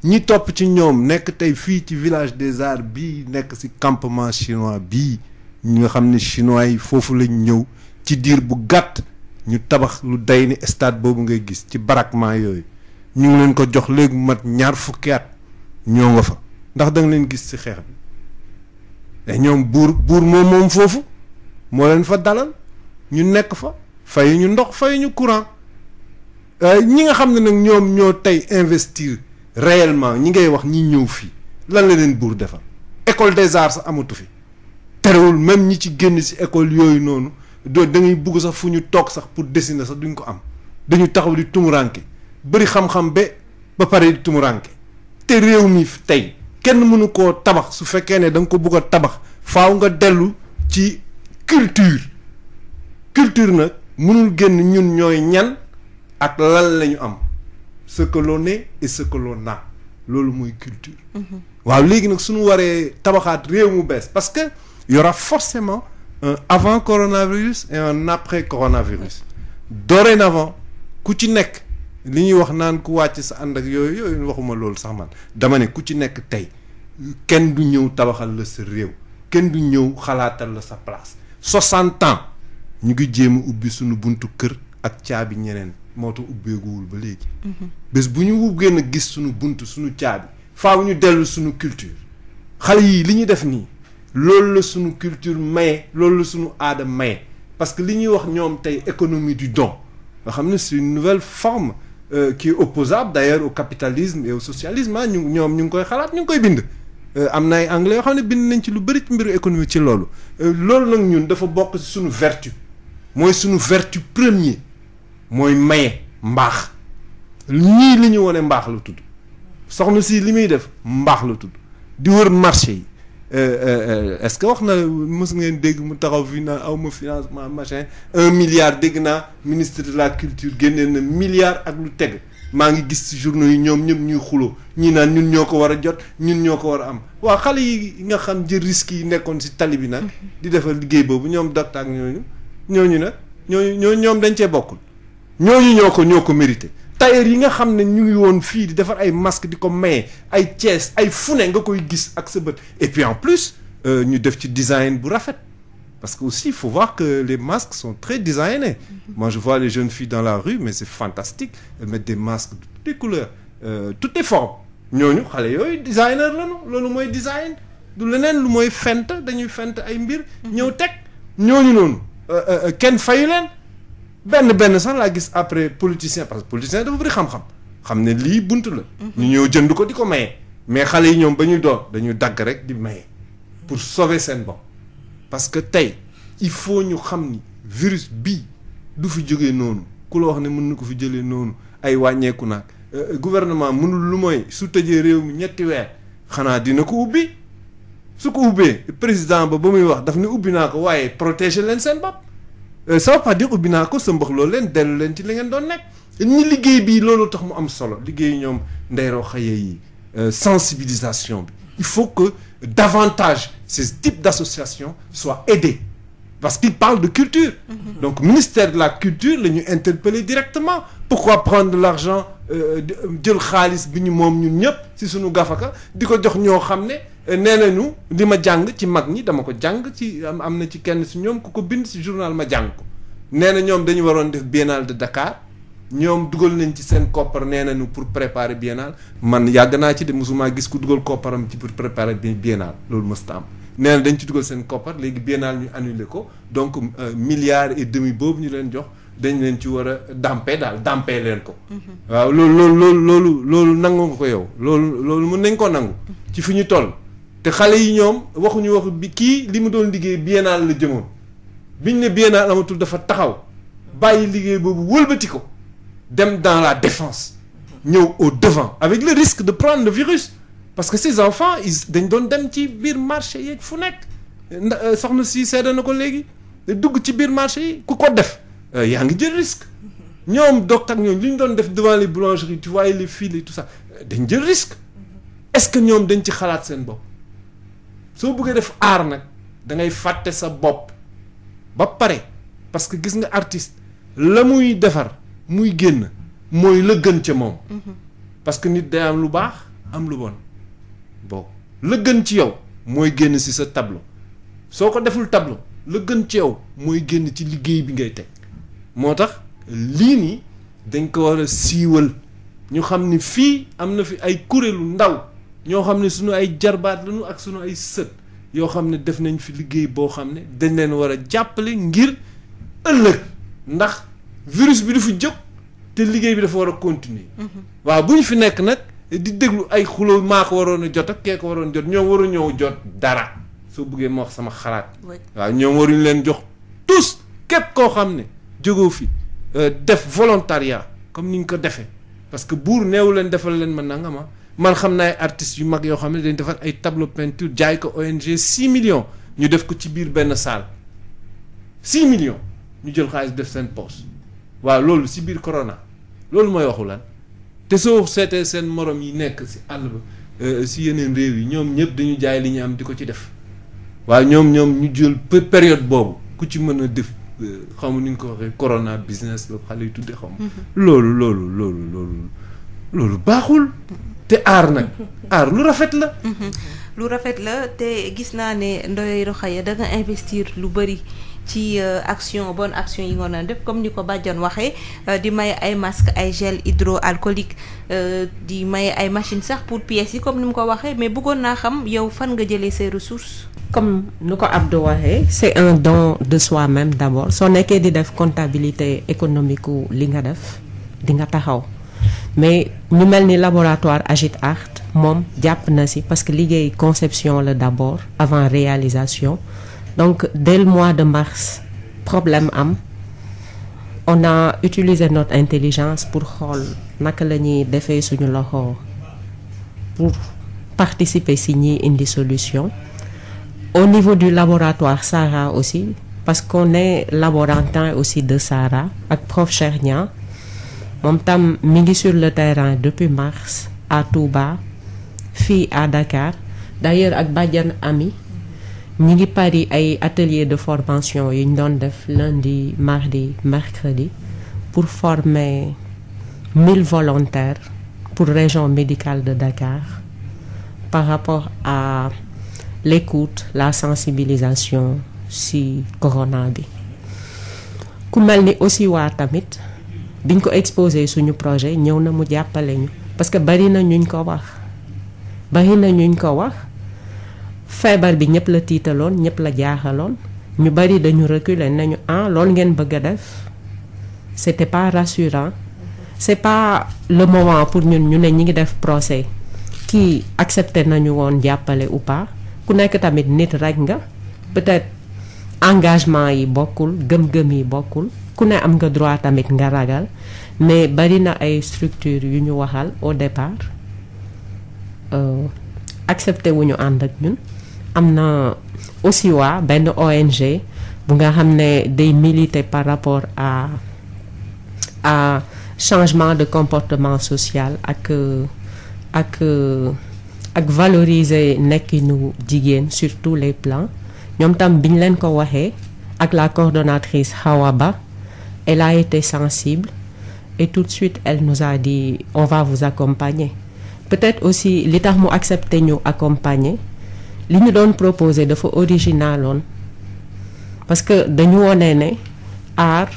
S3: ñi topp ci ñoom nekk tey fii ci village des arts bii nekk ci campement chinois bii ñi nga xam ne chinois yi foofu lañ ñëw ci diir bu gàtt ñu tabax lu day ni stade boobu ngay gis ci baraquement yooyu ñu ngi leen ko jox léegi mat ñaar fukki at ñoo nga fa ndax da leen gis ci xeex bi te eh, ñoom buur buur moom moom foofu moo leen fa dalal ñu nekk fa fay ñu ndox fayu ñu courant eh, ñi nga xam ne nag ñoom ñoo tey investir réellement ñi ngay wax ñi ñëw fii lan la leen buur defar école des arts sax amatu fi terewul même ñi ci génn si école yooyu noonu doo da bugg sax fu ñu toog sax pour dessiner sax duñ ko am dañu taxaw di tumuranke bëri xam-xam ba ba pare di tumuranke te réew mi tey kenn mënu koo tabax su fekkee ne da nga ko bugg a tabax faaw nga dellu ci culture culture nag mënul génn ñun ñooy ñan ak lan lañu am ce que l'on est et ce que loolu mooy culture mhm. waaw léegi nag suñu waree tabaxaat réew mu bees parce que yora aura forcément un avant coronavirus et un après coronavirus dorénavant ku ci nekk li ñuy wax naan ku wàcc sa ànd ak yooyu yooyu waxuma loolu sax man dama ne ku ci nekk tey kenn du ñëw tabaxal la sa réew kenn du ñëw xalaatal la sa place soixante ans ñu ngi jéem a ubbi sunu buntu kër ak caabi ñeneen moo tax ubbeeguwul ba léegi. Mhm. bés bu ñu génn gis suñu bunt suñu caabi faaw ñu dellu suñu culture xale yii li ñu def nii loolu la suñu culture maye loolu la suñu aada maye parce que li ñuy wax ñoom tey économie du don nga xam ne su nouvelle forme euh, qui est opposable d'ailleurs au capitalisme et au socialisme ah ñu ñoom ñu ngi koy xalaat ñu ngi koy bind. Euh, am na ay anglais yoo xam ne bind nañ ci lu bëri ci mbiru économie ci loolu euh, loolu nag ñun dafa bokk ci suñu vertu mooy suñu vertu premier. mooy maye mbaax ñii li ñu wane mbaax lu tudd soxna si li muy def mbaax lu tudd di wër marché yi euh, euh, euh, est-ce que wax na mës ngeen dégg mu taxaw fii naan aw ma financement machin un milliard dégg naa ministre de la culture génnee na milliard ak lu teg maa ngi gis ci journaux yi ñoom ñëpp ñuy xuloo ñii naan ñun ñoo ko war a jot ñun ñoo ko war a am waa xale yi nga xam jël risques yi nekkoon ci tali bi nag di defal liggéey boobu ñoom docteur ak ñooñu ñooñu nag ñooñu ñoo ñoom dañ cee bokkul ñooñu ñoo ko ñoo ko mérité tailleur yi nga xam ne ñu ngi woon fii di defar ay masque di ko maye ay Thiès ay fune nga koy gis ak sa bët et puis en plus euh, ñu def ci design bu rafet parce que aussi il faut voir que les masques sont très designés mhm. moi je vois les jeunes filles dans la rue mais c'est fantastique elles mettent des masques de toutes les couleurs euh, les formes ñooñu xale yooyu designer lañu loolu mooy design du leneen lu mooy fent dañuy fent ay mbir mhm. ñëw teg ñooñu noonu euh, euh, kenn fayu leen benn benn sax laa gis après politicien parce que politicien dafa bëri xam-xam xam ne lii bunt la. Mhm. ñu ñëw jënd ko di ko maye. mais xale yi ñoom ba ñuy doon dañuy dagg rek di maye. pour sauver seen bopp. parce que tey il faut ñu xam ni virus bi du fi jógee noonu ku la wax ne mën na ko fi jëlee noonu ay wàññeeku nag euh, gouvernement mënul lu mooy su tëjee réew mi ñetti weer xanaa dina ko ubbi su ko ubbee président ba ba muy wax daf ne ubbi naa ko waaye protéger leen seen bopp. Euh, ça veut pas dire ubbi naa ko sa mbox loolu leen dellu leen ci li ngeen doon nekk ñi liggéey bi loolu tax mu am solo liggéey ñoom ndeyroo xaye yi euh, sensibilisation bi il faut que davantage ces types d'associations soient aidés parce qu'ils parlent de culture mm-hmm. donc ministère de la culture la ñu interpeller directement pourquoi prendre l'argent euh, jël xaalis bi ñu moom ñun ñëpp si suñu gafaka di ko jox ñoo xam ne Eh, nee nañu li ma jàng ci mag ñi dama ko jàng ci am na ci kenn si ñoom ku ko bind si journal ma jàng ko nee na ñoom dañu waroon def biennale de Dakar ñoom dugal nañ ci seen koppar nee nañu pour préparer biennale man yàgg naa ci de mosuma gis ku dugal kopparam ci pour préparer biennale loolu mësta am nee na dañ ci dugal seen koppar léegi biennale ñu annulé ko donc euh, milliard et demi boobu ñu leen jox dañ leen ci war a dàmpe daal dàmpe leen ko. Mhm. waaw loolu loolu loolu loolu loolu nangu ko yow loolu loolu mën nañ ko nangu. Mhm. ci fi ñu toll. te xale yi ñoom waxuñu wax bi kii li mu doon liggéey biennale la jëmoon biñ ne biennale amatul dafa taxaw bàyyi liggéey boobu wëlbati ko dem dans la défense ñëw au devant avec le risque de prendre le virus parce que ces enfants ils dañ doon dem ci biir marché yeeg fu nekk ndax euh, soxna si seede na ko léegi dugg ci biir marché yi ku ko def euh, yaa ngi jël risque ñoom docteur ak ñoom li ñu doon def devant les boulangeries tu vois les files et tout ça euh, dañ jël risque est-ce que ñoom dañ ci xalaat seen bopp soo bëggee def aar nag da ngay fàtte sa bopp ba pare parce que gis nga artiste la muy defar muy génn mooy la gën ca moom. Mhm. parce que nit day am lu baax am lu bon bon la gën ci yow mooy génn si sa tableau soo ko deful tableau la gën ci yow mooy génn ci liggéey bi ngay teg moo tax lii nii dañ ko war a siiwal ñu xam ni fii am na fi ay kuréelu ndaw. ñoo xam ne suñu ay jarbaat lañu ak suñu ay sët yoo xam ne def nañ fi liggéey boo xam ne dañ leen war a jàppale ngir ëllëg ndax virus bi du fi jóg te liggéey bi dafa war a continuer mm-hmm. waaw bu ñu fi nekk nag di déglu ay xuloo maa ko waroon a jot ak kee ko waroon jot ñoom waru ñëw jot dara soo buggee ma wax sama xalaat waaw ñoom waruñu leen jox tous képp koo xam ne jógoo fi euh, def volontariat comme ni ñu ko defee parce que buur neewu leen defal leen ma nangama ah. man xam naa ay artistes yu mag yoo xam ne dañ defar ay tableau penture jaay ko ONG 6 millions ñu def ko ci biir benn salle 6 millions ñu jël xaalis def seen poche waa loolu si biir corona loolu mooy waxu te soo seetee seen morom yi nekk si àll ba si euh, yeneen réew yi ñoom ñëpp dañu jaay li ñu am di ko ci def waaw ñoom ñoom ñu jël période boobu ku ci mën a def. xamu ni nga ko waxee corona business la xale yi tuddee xam. Mm-hmm. loolu loolu loolu loolu loolu baaxul. te aar nag aar lu rafet la. Mhm.
S1: lu rafet la te gis naa ne Ndoye Rokhaya da nga investir lu bëri. ci euh, action bonne action yi ngoon na def comme ni ko Badiane waxee euh, di may ay masque ay gel hydroalcoolique euh, di may ay machine sax pour pièces yi comme ni mu ko waxee mais bëggoon naa xam yow fan nga jëlee say ressources.
S2: comme nu ko Abdou waxee c'est un don de soi-même d'abord soo nekkee di def comptabilité économique li nga def di nga taxaw. mais ñu mel ni laboratoire Agit Art moom jàpp na si parce que liggéey conception la d'abord avant réalisation donc dès le mois de mars problème am on a utilisé notre intelligence pour xool naka la ñuy defee suñu loxo pour participer si ñiy indi solution au niveau du laboratoire Sahara aussi parce qu'on est temps aussi de Sahara ak prof Cheikh Niang moom tam mi ngi sur le terrain depuis mars à Touba fii à Dakar d'ailleurs ak Badiane Ami ñi ngi pari ay atelier de formation yu ñu doon def lundi mardi mercredi pour former mille volontaires pour région médicale de Dakar par rapport à l'écoute la sensibilisation ci corona bi ku mel ni aussi waa tamit biñ ko exposé suñu projet ñëw na mu jàppale ñu parce que bari na ñuñ ko wax bari na ñuñ ko wax feebar bi ñëpp la tiitaloon ñëpp la jaaxaloon ñu bari dañu reculer nañu ah loolu ngeen bëgg a def c'était pas rassurant c'est pas le moment pour ñun ñu ne ñi ngi def procès kii accepté nañu woon jàppale ou pas ku nekk tamit nit rek nga peut-être engagement yi bokkul gëm-gëm yi bokkul ku ne am nga droit tamit nga ragal mais bari na ay structures yu ñu waxal au départ euh, accepté wu ñu ànd ak ñun am na aussi waa benn ONG bu nga xam ne day militer par rapport à à changement de comportement social ak ak ak valoriser nekkinu jigéen sur tous les plans ñoom tam biñ leen ko waxee ak la coordonnatrice Hawa Ba Elle a été sensible et tout de suite elle nous a dit on va vous accompagner. Peut-être aussi li tax mu accepté ñu accompagner li ñu doon proposer dafa originaloon parce que dañu wone ne art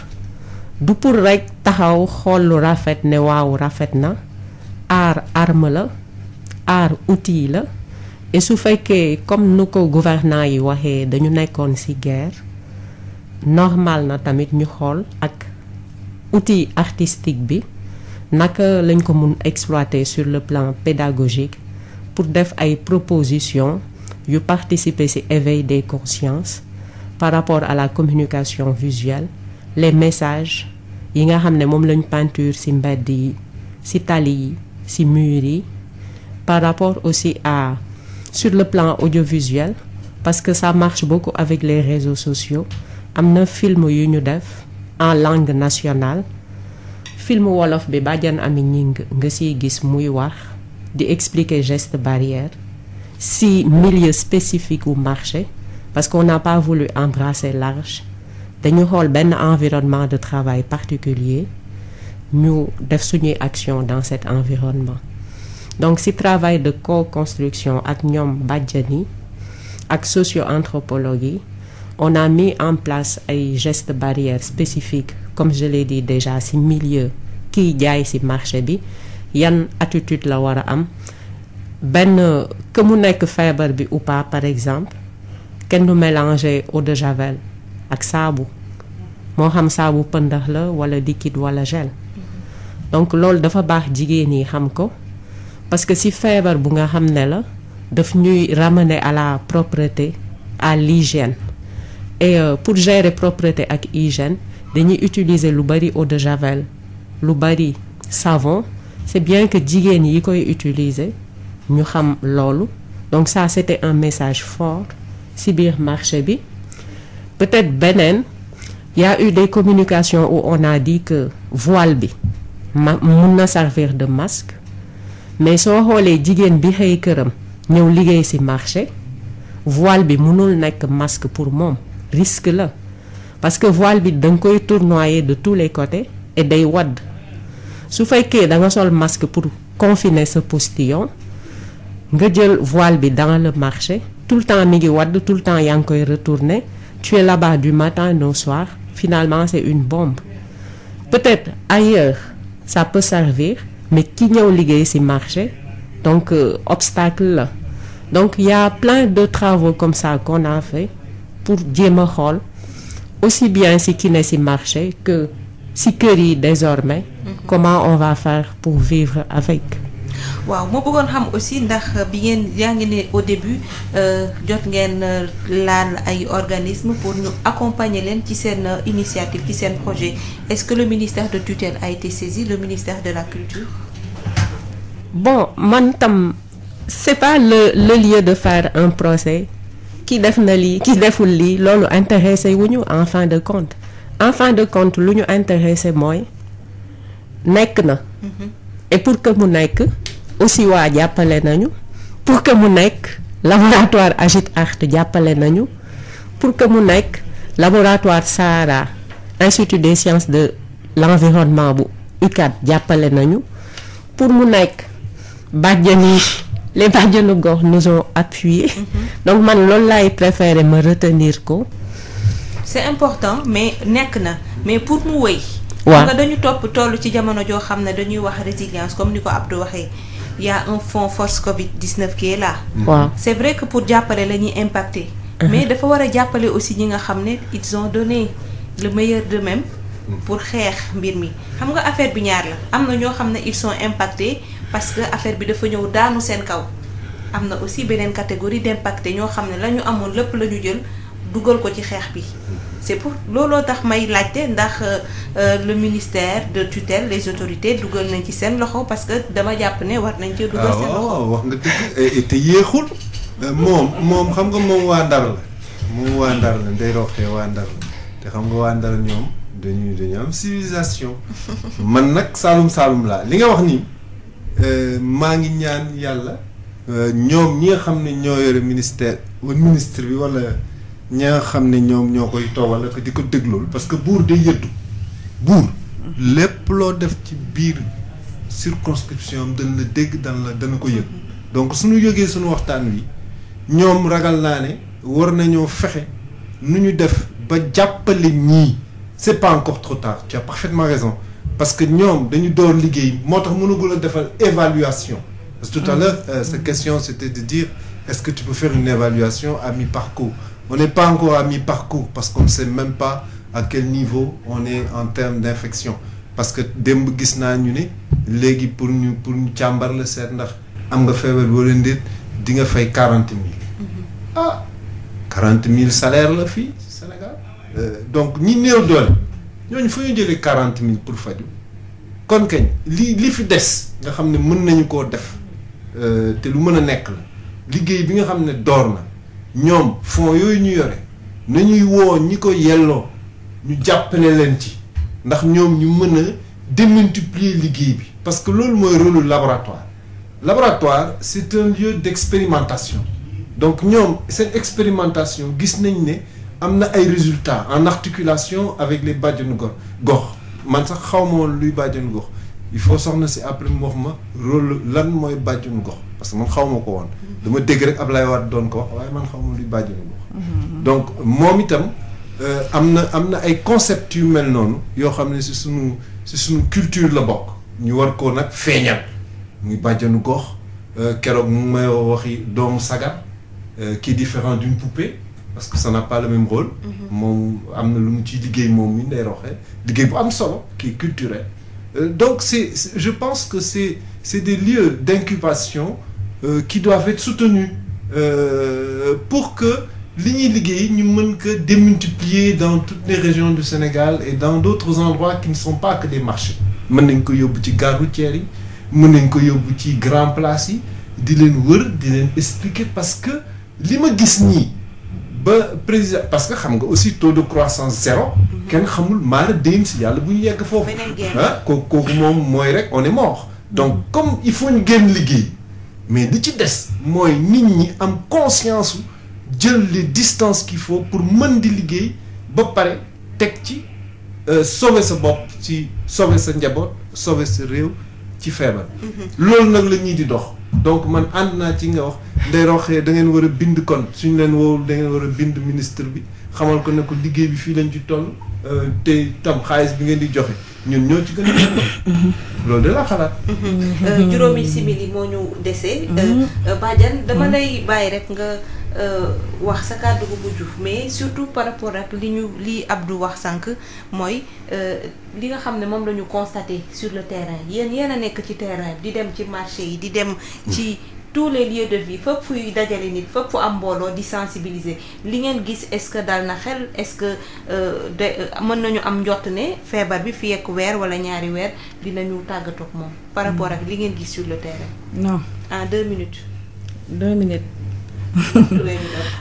S2: du pour rekk taxaw xool rafet ne waaw rafet na art arme la art outil la et su fekkee comme nu ko gouvernant yi waxee dañu nekkoon ci guerre normal na tamit ñu xool ak outil artistique bi nag lañ ko mun exploiter sur le plan pédagogique pour def ay propositions yu participer ci éveil des consciences par rapport à la communication visuelle les messages yi nga xam ne moom lañ peinture ci mbedd yi ci tali yi ci mur yi par rapport aussi à sur le plan audiovisuel parce que ça marche beaucoup avec les réseaux sociaux am na film yu ñu def en langue nationale film wolof bi Badiane Amy Gning nga siy gis muy wax di expliquer geste barrière si milieu spécifique ou marché parce qu'on n'a pas voulu embrasser large dañu xool benn environnement de travail particulier ñu def suñuy action dans cet environnement donc si travail de co-construction ak ñoom bàjjan yi ak socio-anthropologue yi on a mis en place ay gestes barrières spécifiques comme je l'ai dit déjà ci milieu kiy jaay ci marché bi yan attitude la war a am benn que mu nekk feebar bi ou pas par exemple kenn du mélanger eau de javel ak saabu moo xam saabu pëndax la wala liquide wala gel donc loolu dafa baax jigéen yi xam ko parce que si feebar bu nga xam ne la daf ñuy ramener à la propreté à l'hygiène et euh, pour gérer propreté ak hygiène dañuy utiliser lu bari eau de javel lu bari savon c'est bien que jigéen yi koy utiliser ñu xam loolu donc ça c'était un message fort ci biir marché bi peut-être beneen yaa a eu des communications où on a di que voile bi ma mun na servir de masque mais soo xoolee jigéen bi xëy këram ñëw liggéey ci marché voile bi mënul nekk masque pour moom risque la parce que voile bi da nga koy tournoyer de tous les côtés et day wadd su fekkee da nga sol masque pour confiner sa postillon nga jël voile bi dans le marché tout le temps mi ngi wadd tout le temps yaa ngi koy retourner tu es là-bas du matin au soir finalement c'est une bombe peut-être ailleurs ça peut servir mais ki ñëw liggéey ci marché donc euh, obstacle la donc il plein de travaux comme ça qu'on a fait pour jéem a xool aussi bien si ki ne si marché que si kër yi désormais mhm. comment on va faire pour vivre avec
S1: waaw moo bëggoon xam aussi ndax bi ngeen yaa ngi ne au début euh, jot ngeen euh, laal ay organismes pour ñu accompagner leen ci seen euh, initiative ci seen projet est-ce que le ministère de tutelle a été saisi le ministère de la culture
S2: bon man tam c'est pas le le lieu de faire un procès ki def na lii ki deful lii loolu intéressé wu ñu en fin de compte en fin de compte lu ñu intéressé mooy nekk na. Mm-hmm. et pour que mu nekk aussi waa jàppale nañu pour que mu nekk laboratoire Agit Art jàppale nañu pour que mu nekk laboratoire Sahara institut de sciences de l'environnement bu UCAD jàppale nañu pour mu nekk bàjjani les bàjjenu gox nous ont appuyé mhm. donc man loolu laay préféré ma retenir ko
S1: c'est important mais nekk na mais pour mu woy waaw nga dañu topp toll ci jamono joo xam ne dañuy wax résilience comme ni ko Abdou waxee y un fond force Covid 19 qui est là waaw mhm. c'est vrai que pour jàppale la ñuy impacter mhm. mais dafa war a jàppale aussi ñi nga xam ne ils ont donné le meilleur de mêmes pour xeex mbir mi xam nga affaire bi ñaar la am na ñoo xam ne ils sont impactés parce que affaire bi dafa ñëw daanu seen kaw am na aussi beneen catégorie d'impacté ñoo xam ne la ñu amoon lépp la ñu jël dugal ko ci xeex bi c'est pour looloo tax may laajte ndax euh, euh, le ministère de tutel les autorités dugal nañ ci seen loxo parce que dama jàpp ne war nañ cee dugal seen loxo
S3: ah, wax nga dëgg te yéexul euh, moom moom xam nga moom waa Ndar la moom waa Ndar la Ndeye Rokhaya waa Ndar la te xam nga waa Ndar ñoom dañuy dañu am civilisation man nag saalum saalum laa li nga wax nii Euh, maa ngi ñaan yàlla euh, ñoom ñi nga xam ne ñoo yore ministère wala ministre bi wala ñi xam ne ñoom ñoo koy toogal ak di ko déglool parce que buur day yëddu buur lépp loo def ci biir circonscription am dana la dégg dana la dana ko yëg donc suñu yëgee suñu waxtaan wi ñoom ragal naa ne war nañoo fexe nu ñu def ba jàppale ñii c'est pas encore trop tard tu parce que ñoom dañu door liggéey moo tax mënagul a defal évaluation. parce que tout à mm. l'heure euh, question c'était de dire est-ce que tu peux faire une évaluation à mi-parcours on n'est pas encore à mi-parcours parce que ne sait même pas à quel niveau on est en termes d'infection parce que démb gis naa ñu ne léegi pour ñu pour ñu càmbar la seet ndax am nga feebar boo leen di di nga fay quarante mille.
S4: Mm-hmm. ah
S3: quarante mille salaire la fii Sénégal. Euh, donc ñi néew doole. ñooñu fu ñu jëlee quarante mille pour faju kon kañ li li fi des nga xam ne mën nañu koo def euh, te lu mën a nekk la liggéey bi nga xam ne door na ñoom fonds yooyu ñu yore nañuy woo ñi ko yelloo ñu jàppale leen ci ndax ñoom ñu mën a démultiplier liggéey bi parce que loolu mooy rôle laboratoire laboratoire c'est un lieu d'expérimentation donc ñoom seen expérimentation gis nañ ne am na ay résultats en articulation avec les bàjjanu gox gox man sax xaw ma woon luy bàjjenu gox il faut soxna si après mu wax ma rôle lan mooy bàjjenu gox parce que man xaw ma ko woon. dama dégg rek Ablaye Wade doon ko wax waaye man xaw ma luy bàjjenu gox.
S4: Mhm. donc
S3: moom itam euh, am na am na ay concepts yu mel noonu yoo xam ne si suñu si sunu culture la bokk ñu war koo nag feeñal muy bàjjanu gox euh, keroog mu may waxi doomu sagar kii euh, est différent d'une poupée parce que ça n'a pas le même rôle. Mhm. moom am na lu mu ciy liggéey moom mi Ndeye liggéey bu am solo qui est culturel. Euh, donc c'est je pense que c'est c'est des lieux d'incubation euh, qui doivent être soutenus euh, pour que li ñuy liggéey ñu mën ko démultiplier dans toutes les régions du Sénégal et dans d'autres endroits qui ne sont pas que des marchés mën nañ ko yóbbu ci gare routière yi mën nañ ko yóbbu ci grand place yi di leen wër di leen expliquer parce que li ma gis nii ba président parce que xam nga aussi taux de croissance zéro. kenn xamul maara déen si yàlla bu ñu yegg foofu. ah kooku moom mooy rek on est mort. donc mm-hmm. comme il faut ñu génn liggéey mais li ci des mooy nit ñi am conscience jël les distances qu'il faut pour mën di liggéey ba pare teg ci euh, sauver sa bopp ci sauver sa njaboot sauver sa réew ci feebar. Mm-hmm. loolu nag la ñuy di dox. donc man ànd naa ci nga wax nday roxee da ngeen war a bind kon suñu leen woowul da ngeen war a bind ministre bi xamal ko ne ko liggéey bi fii lañ ci toll euh, te tam xaalis bi ngeen di joxe ñun ñoo ci gën a loolu de la xalaat
S1: euh, juróomi simili moo ñu desee euh, mm-hmm. Badiane dama mm-hmm. lay bàyyi rek nga Euh, wax sa kàddu gu mujj mais surtout par rapport ak li ñu li Abdou wax sànq mooy euh, li nga xam ne moom lañu ñu sur le terrain yéen yéen a nekk ci terrain di dem ci marché yi di dem ci mm. tous les lieux de vie fépp fuy dajale nit fépp fu am mbooloo di sensibiliser li ngeen gis est-ce que dal na xel est-ce que euh, de mën nañu am njott ne feebar bi fi yekk weer wala ñaari weer dinañu tàggatoog moom. par rapport ak li ngeen gis sur le terrain. non à deux minutes.
S5: deux minutes.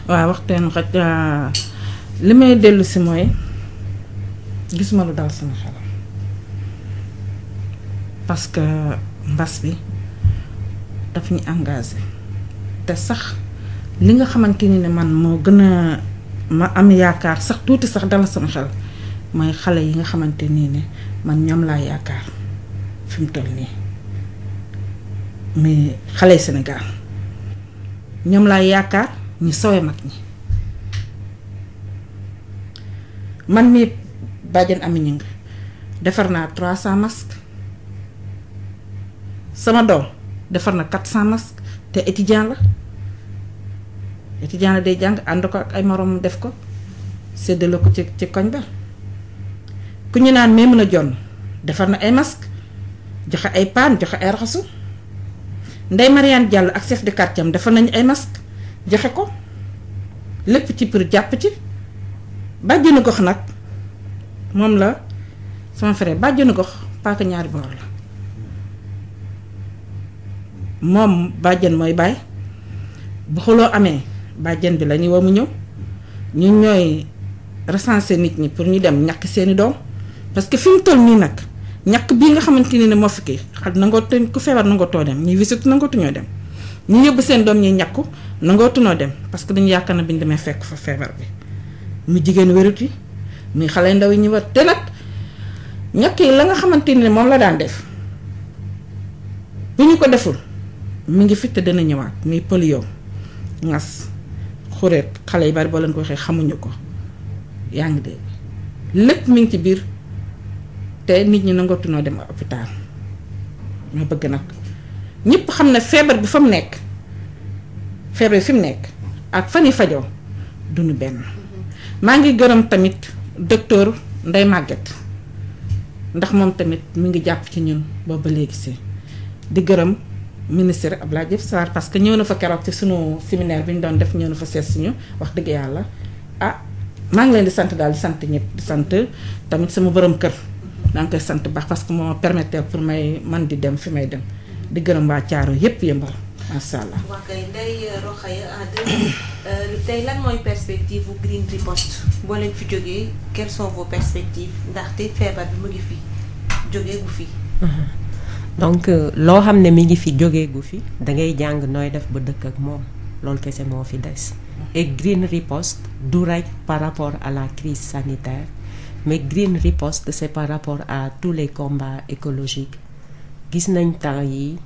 S5: waa waxteen xaj li may dellu si mooy gisuma lu dal sama xel parce que mbas bi daf ñu engagé te sax li nga xamante ni ne man moo gën a ma am yaakaar sax tuuti sax dala sama xel mooy xale yi nga xamante nii ne man ñoom laa yaakaar fi mu toll nii mais xale Sénégal ñoom laay yaakaar ñu sawe mag ñi man mii bàjjan ami ñu defar naa 300 masques sama doom defar na 400 masques te étudiant la étudiant la day jàng ànd ko ak ay moroom def ko séddale ko ci ci koñ ba ku ñu naan mee mën a jonn defar na ay mask joxe ay paan joxe ay raxasu Ndeye Mariane jàll ak chef de quartier am defal nañu ay masque joxe ko lépp ci pour jàpp ci bàjjenu gox nag moom la sama frère bàjjenu gox paaka ñaari boor la moom bàjjen mooy baay bu xuloo amee bàjjen bi la ñuy woo mu ñëw ñu ñooy recenser nit ñi pour ñu dem ñakk seeni doom parce que fi toll nii nag. ñàkk bii nga xamante ne moo fi kii xal nangootuñ ku feebar nangootoo dem ñuy visite nangootuñoo dem ñu yóbbu seen doom ñuy ñàkku nangootuñoo dem parce que dañu yaakaar na bi ñu demee fekk fa feebar bi mu jigéen wérut yi muy xale ndaw yi ñu war te nag ñàkk yi la nga xamante ne moom la daan def bu ñu ko deful mi ngi fi te dana ñëwaat muy yow ngas xureet xale yi bari boo leen ko waxee xamuñu ko yaa ngi dégg lépp mi ngi ci biir te nit ñi nangootunoo dem hôpital ñoo bëgg nag ñëpp xam ne feebar bi fa mu nekk feebar bi fi mu nekk ak fan yi fajoo nu benn maa ngi gërëm tamit docteur ndey Maguette ndax moom tamit mu ngi jàpp ci ñun booba léegi si di gërëm ministre Abdoulaye Diouf Sarr parce que ñëw na fa keroog ci suñu séminaire bi ñu doon def ñëw na fa si ñu wax dëgg yàlla ah maa ngi leen di sant daal di sant ñëpp di sant tamit sama borom kër danga sant baax parce que moom ma permettre pour may man di dem fi may dem di gërëm waa Caaro yépp yëmbal macha allah.
S1: waa kay Ndeye Rokhaya en euh, tey lan mooy perspective bu Green Riposte boo leen fi jógee quelles sont vos ndax te feebar bi mu ngi fi jógee gu fi.
S2: Mhm. donc euh, loo xam ne mi ngi fi jógee gu fi da ngay jàng nooy def ba dëkk ak moom loolu kese moo fi des. et Green Riposte du rekk par rapport à la crise sanitaire. mais Green Riposte c'est par rapport à tous les combats écologiques gis nañ temps yi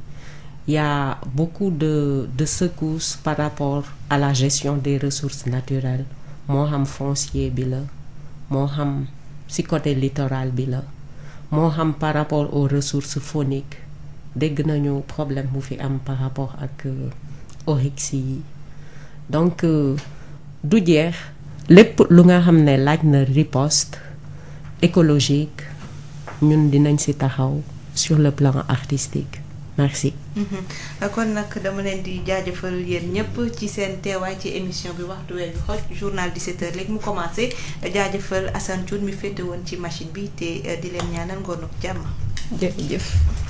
S2: y a beaucoup de de secousses par rapport à la gestion des ressources naturelles moo xam foncier bi la moo xam ci côté littoral bi la moo xam par rapport aux ressources phoniques dégg nañu problème bu fi am par rapport ak euh, yi donc euh, du jeex lépp lu nga xam ne laaj na riposte écologique ñun dinañ ci taxaw sur le plan artistique merci.
S1: Mm-hmm. kon nag dama leen di jaajëfal yéen ñëpp ci seen teewaay ci émission bi waxtu wee ñu xoj journal 17h léegi mu commencé jaajëfal Assane Thioune mi féete woon ci machine bi te di leen ñaanal ngoonu jàmm.
S4: jërëjëf.